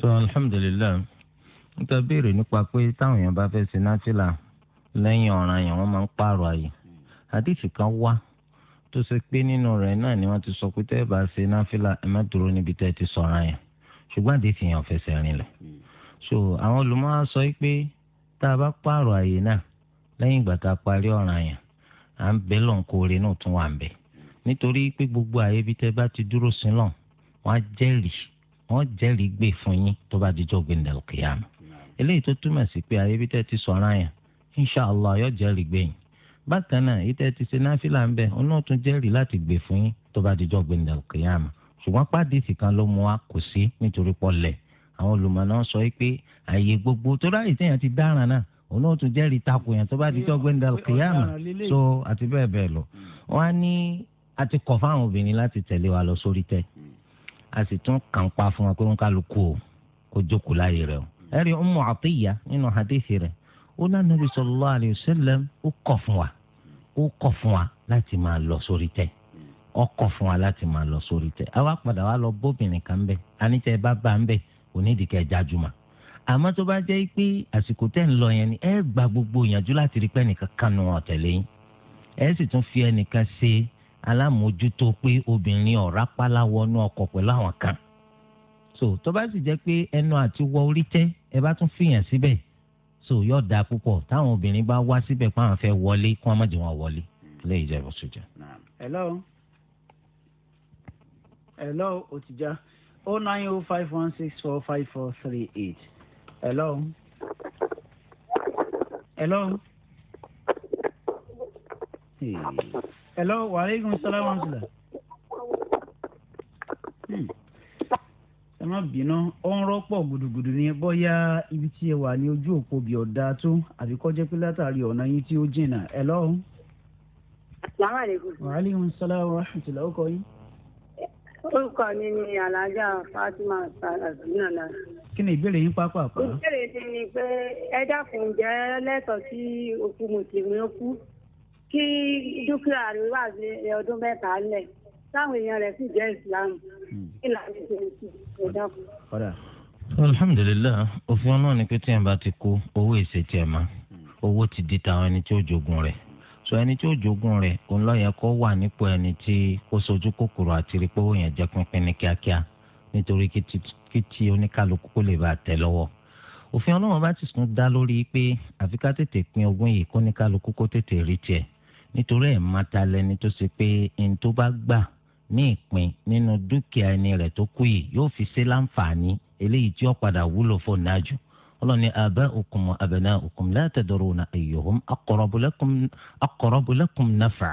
sọ alhamdulilayi níta béèrè nípa pé táwọn èèyàn bá fẹ́ ṣe náfìlà lẹ́yìn ọ̀ràn yẹn wọ́n máa ń pààrọ̀ àyè àdìsí kan wá tó ṣe pé nínú rẹ̀ náà ni wọ́n ti sọ pé tẹ́ẹ̀ bá ṣe náfìlà ẹ má dúró níbi tẹ́ẹ̀ ti sọ̀ràn yẹn ṣùgbọ́n àti fi hàn fẹsẹ̀ rinlẹ̀ hmm. so àwọn olùmọ̀ á sọ pé tá a bá pààrọ̀ àyè náà lẹ́yìn ìgbà tá a parí ọ̀ràn yẹn à ń bẹ́ lọ́n kóore náà tún wà ń bẹ̀ nítorí pé gbogbo àyè ibi tẹ́ bá ti dúró sí lọ́n wọ́n á jẹ́rìí wọ́n jẹ́rìí gbé fún yín tó bá dijọ́ gbẹ̀ndẹ̀ òkèèyàn eléyìí tó túmọ̀ sí pé àyè ibi tẹ́ ti sọ̀ràn yẹn inshàlá yóò jẹ́rìí gbé yín bákan náà èyí ti ṣe náfìlà ń bẹ̀ òun náà tún jẹ́rìí láti gbé fún yín tó bá dijọ́ gbẹ̀ndẹ̀ òkèèyàn ṣùgbọ́n pàdésì kan ló mú wa kò sí nítorí pọ̀lẹ̀ àwọn olùmọ̀ náà sọ pé àyè gbogbo tó ráyè téèyàn ti dáràn náà òun náà tún jẹ́rìí takò yẹn tó bá di tó gbẹ́ndà kìyàmà so àti bẹ́ẹ̀ bẹ́ẹ̀ lọ. Hmm. wọ́n á ní a ti kọ̀ fáwọn obìnrin láti tẹ̀lé wa lọ sórí tẹ́ hmm. a sì tún kàn pa fún wa pé wọ́n kálukú o kó jókòó láyè rẹ̀ o. Hmm. ẹ̀rí Ummu Atiyya nínú hadithi rẹ̀ ó ní Ànábì sallallahu alayhi wa sallam ó kọ̀ fún wa ó kọ̀ fún wa láti máa lọ sórí tẹ́ ọkọ̀ fún wa láti máa lọ sórí tẹ àwa padà wá lọ bóbìnrin kan bẹ anítẹ bá bá ń bẹ onídìíkẹ jájúmọ àmọ́ tó bá jẹ́ pé àsìkò tẹ́ ń lọ yẹn ni ẹ gba gbogbo ìyànjú láti rí pé ẹnìkan kanu ọtẹlẹ yín ẹ sì tún fi ẹnìkan ṣe alámòójútó pé obìnrin ọ̀rá pálá wọnú ọkọ̀ pẹ̀lú àwọn kan so tó bá sì jẹ́ pé ẹnu àti wọ orí tẹ ẹ bá tún fìyàn síbẹ̀ so yóò dáa púpọ̀ táwọn obìnrin bá wá síbẹ̀ pé àwọn fẹ́ wọlé kí wọ́n má jẹ́ wọn wọlé lẹ́yìn ìjẹ́bù sójà. hello hello otija oh nine oh five one six four five four three eight hello hello hey. hello waaleykum salaam wa rahmatulah hmm. ẹ má bínú ó ń gudugudu ni bóyá ibi tí ẹ wà ní ojú òpó bí ọ̀dà tó àbí kọjá pé látàrí ọ̀nà yín tí ó jìnnà hello. salaamaleykum. waaleykum salaam wa rahmatulah ó kọ yín orúkọ mi ni alájà fatima sàlàsínàlà. kí ni ìbéèrè yín pápápá. ìbéèrè ti ni pé ẹ dákun jẹ́ lẹ́tọ̀ọ́ sí òkú mùsùlùmí ó kú kí dúkìá rẹ̀ wà ní ọdún mẹ́ta lẹ̀ táwọn èèyàn rẹ̀ sì jẹ́ ìsìlámù hmm. kí làwọn èèyàn rẹ̀ sì ẹ dákun. alhamdulilayi òfin ọlọ́run ni pé tí ẹ̀ bá ti kú owó ìṣètì ẹ̀ máa hmm. owó ti di tàwọn ẹni tí ó jogun rẹ̀ sọ ẹni tí ó jogún rẹ̀ kò ń lọ́yẹ̀ kó wà nípò ẹni tí kò sojú kòkòrò àti rí pé ó yẹn jẹ pínpín ní kíákíá nítorí kí tí oníkálukú kó lè bá tẹ̀ lọ́wọ́ òfin ọlọ́run bá ti sùn dá lórí pé àfi ká tètè pín ogún yìí kó níkálukú kó tètè rí tiẹ̀ nítorí ẹ̀ máa ta lẹni tó ṣe pé ẹni tó bá gbà ní ìpín nínú dúkìá ẹni rẹ̀ tó kú yìí yóò fi ṣe láǹfààní eléyìí tí ó padà wúlò fò náà jù ọlọ́ni aba'ukum wa abna'ukum la tadruna ayyuhum aqrabu lakum aqrabu lakum naf'a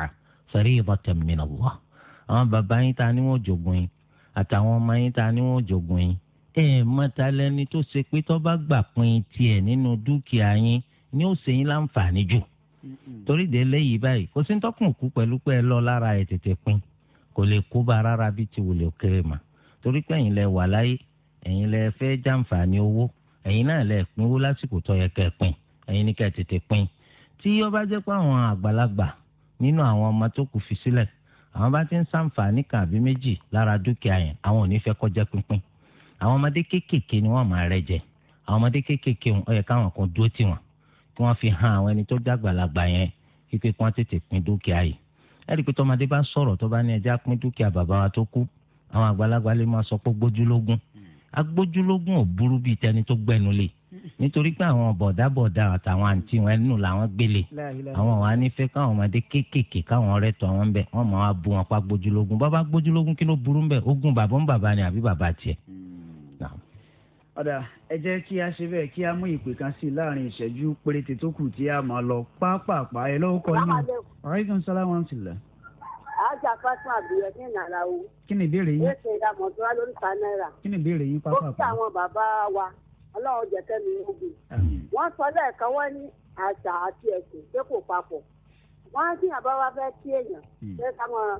fariidatan min àwọn bàbá yín ta ni wọ́n jogun yín àtàwọn ọmọ yín ta ni wọ́n jogun yín. ẹ mọ̀ta lẹni tó ṣe pé tó bá gbà pin tiẹ̀ nínú dúkìá yín ni ó ṣe yín láǹfààní jù. torí de léyìí báyìí kò sí tọkùn kú pẹ̀lú pé ẹ lọ lára ẹ̀ tètè pin kò lè kó bá rárá bí ti wùlé òkèrè mà torí pé ẹ̀yin lẹ wà láyé ẹ̀yin lẹ fẹ́ jàǹfààní owó ẹ̀yin náà lẹ pínwó lásìkò tó yẹ kẹ́ pín ẹ̀yin ní kẹ́ tètè pín tí ó bá jẹ́ pé àwọn àgbàlagbà nínú àwọn ọmọ tó kù fi sílẹ̀ àwọn bá ti ń sàǹfààní kan àbí méjì lára dúkìá yẹn àwọn ò ní fẹ́ kó pínpín àwọn ọmọdé kéékèèké ni wọ́n máa rẹ́ jẹ àwọn ọmọdé kéékèèké ó yẹ káwọn kan dúró tì wọ́n kí wọ́n fi han àwọn ẹni tó dàgbàlagbà yẹn wípé kí wọ́n tètè pín dúkìá yìí ẹ̀rí pé tọmọdé bá sọ̀rọ̀ tó bá ní ẹja pín dúkìá bàbá wa tó kú àwọn àgbàlagbà lè máa sọ pé gbójúlógún agbójúlógún ò burú bíi tẹni tó gbẹnu lé nítorí pé àwọn bọ̀dábọ̀dá àtàwọn àǹtí wọn ẹnu làwọn gbélé àwọn wà nífẹ̀ẹ́ káwọn ọmọdé kéékèèké káwọn rẹ̀ tó àwọn ń bẹ̀ wọ́n máa wá bu wọn pa gbójúlógún bàbá gbójúlógún kí ló burú ń bẹ̀ ogún bàbá ń bàbá ni àbí bàbá tiẹ̀. Mm. ọ̀dà ẹ jẹ́ kí a ṣe bẹ́ẹ̀ kí a mú ìpè kan sí i láàrin ìṣẹ́jú péréte tó kù tí a máa lọ pápápá àjà fásitì àbúyẹ ní ìnàláwo. kí ni ìbéèrè yín. ta náírà. kí ni ìbéèrè yín pápá. ó kí àwọn bàbá wa ọlọ́run jẹ́ wọ́n sọ lẹ́ẹ̀kan wọ́n ní àṣà àti ẹ̀sìn pé kò papọ̀. wọ́n á àbá wa fẹ́ kí èèyàn hmm. hmm. wọ́n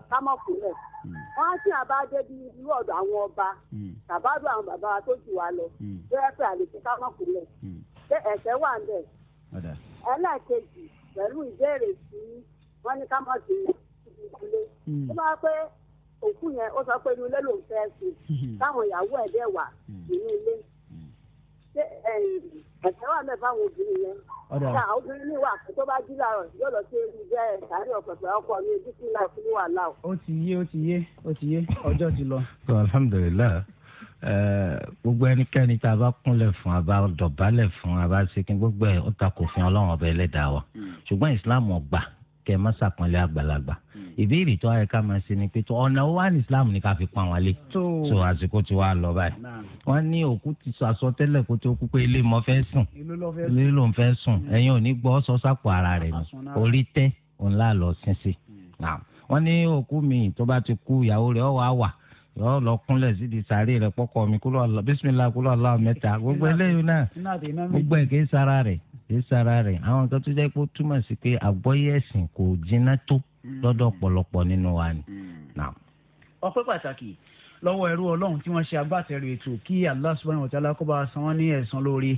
á àbá bí irú ọ̀dọ̀ àwọn ọba hmm. tàbádọ́ bàbá wa tó jù wá lọ. tó àlè wọ́n ní ká mọ̀ sí ìdílé tó bá pẹ́ òkú yẹn ó sọ pé inú ilé lòún fẹ́ sí hmm. táwọn ìyàwó ẹ̀ dẹ̀ wà hmm. nínú ilé ẹ̀sẹ̀ wà mẹ́fà àwọn obìnrin yẹn ṣá obìnrin ní wà tó bá jí láàrọ̀ yóò lọ sí ewu jẹ́ sáré ọ̀pẹ̀pẹ̀ ọkọ mi ojú sí láì fún wà láò. ó ti yé ó ti yé ó ti yé ọjọ́ ti lọ. alhamdulilayi gbogbo ẹnikẹ́ni tá a bá kúnlẹ̀ fún a bá dọ̀bálẹ̀ fún a bá ṣe gbogbo ẹ̀ ó ta kò fi ọlọ́run ọba ẹlẹ́dàá wa hmm. ṣùgbọ́n ìsìláàmù ọgbà kẹ má ṣàpọ́nlé àgbàlagbà hmm. ìbéèrè tó ayẹ ká máa ṣe ni pé tó ọ̀nà wa ní islam ní ká fi pọ́n wọn lé tó àsìkò tí wàá lọ báyìí wọ́n ní òkú ti sọ àsọtẹ́lẹ̀ kó tó kú pé ilé mọ́ fẹ́ sùn ilé ló ń fẹ́ sùn hmm. ẹ̀yin ò ní gbọ́ sọ sápò ara rẹ̀ ni orí tẹ́ òun là lọ sin sí hmm. wọ́n ní òkú mi tó bá ti kú ìyàwó rẹ̀ ọ̀ wá wà yọ lọ kúnlẹ̀ sídìí sáré rẹ̀ pọ́kọ mi kúlọ̀ bísímìlá kúlọ̀ lọ́ọ̀ mẹ́ta gbogbo eléyìí náà gbogbo ẹ̀kẹ́ sára rẹ̀ ìsara rẹ̀ àwọn nǹkan tó jẹ́ pé ó túmọ̀ sí pé àgbọ́yé ẹ̀sìn kò jiná tó hmm. lọ́dọ̀ ọ̀pọ̀lọpọ̀ nínú wa ni. Hmm. ọpẹ́ pàtàkì lọ́wọ́ ẹrú ọlọ́run tí wọ́n ṣe agbátẹrù ètò kí Allah subhanahu wa ta'ala kó bá san wọ́n ní ẹ̀san lórí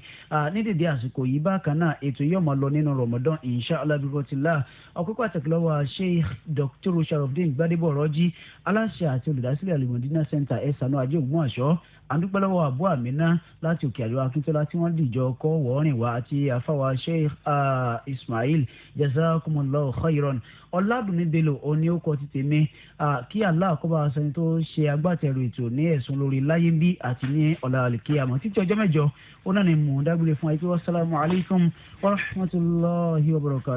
ní dèdè àsìkò yìí bákan náà ètò yóò máa lọ nínú Ramadan inshallah bíbọ́tìlá ọ̀pẹ́ pàtàkì lọ́wọ́ Sheikh Dr. Sharafdin Gbadebo Ọ̀rọ̀jì aláṣẹ àti olùdásílẹ̀ al Center ẹ̀sánú ajé ògbómọ̀ṣọ́ àdúpẹ́lọ́wọ́ àbú àmínà láti òkè àríwá akíntola tí wọ́n dìjọ kọ́ wọ́ọ́rìn wá àti àfáwà sheikh ismail jazakumullahu khairan ọ̀làdùnní bello òní ó kọ́ ti tèmi kí allah kó bá a sọni tó ṣe agbátẹrù ètò ní ẹ̀sùn lórí láyé bí àti ní ọ̀la àlìkíyàmọ̀ títí ọjọ́ mẹ́jọ ó náà ní mò ń dágbére fún wa pé wassalamu alaikum warahmatullahi wabarakatuh.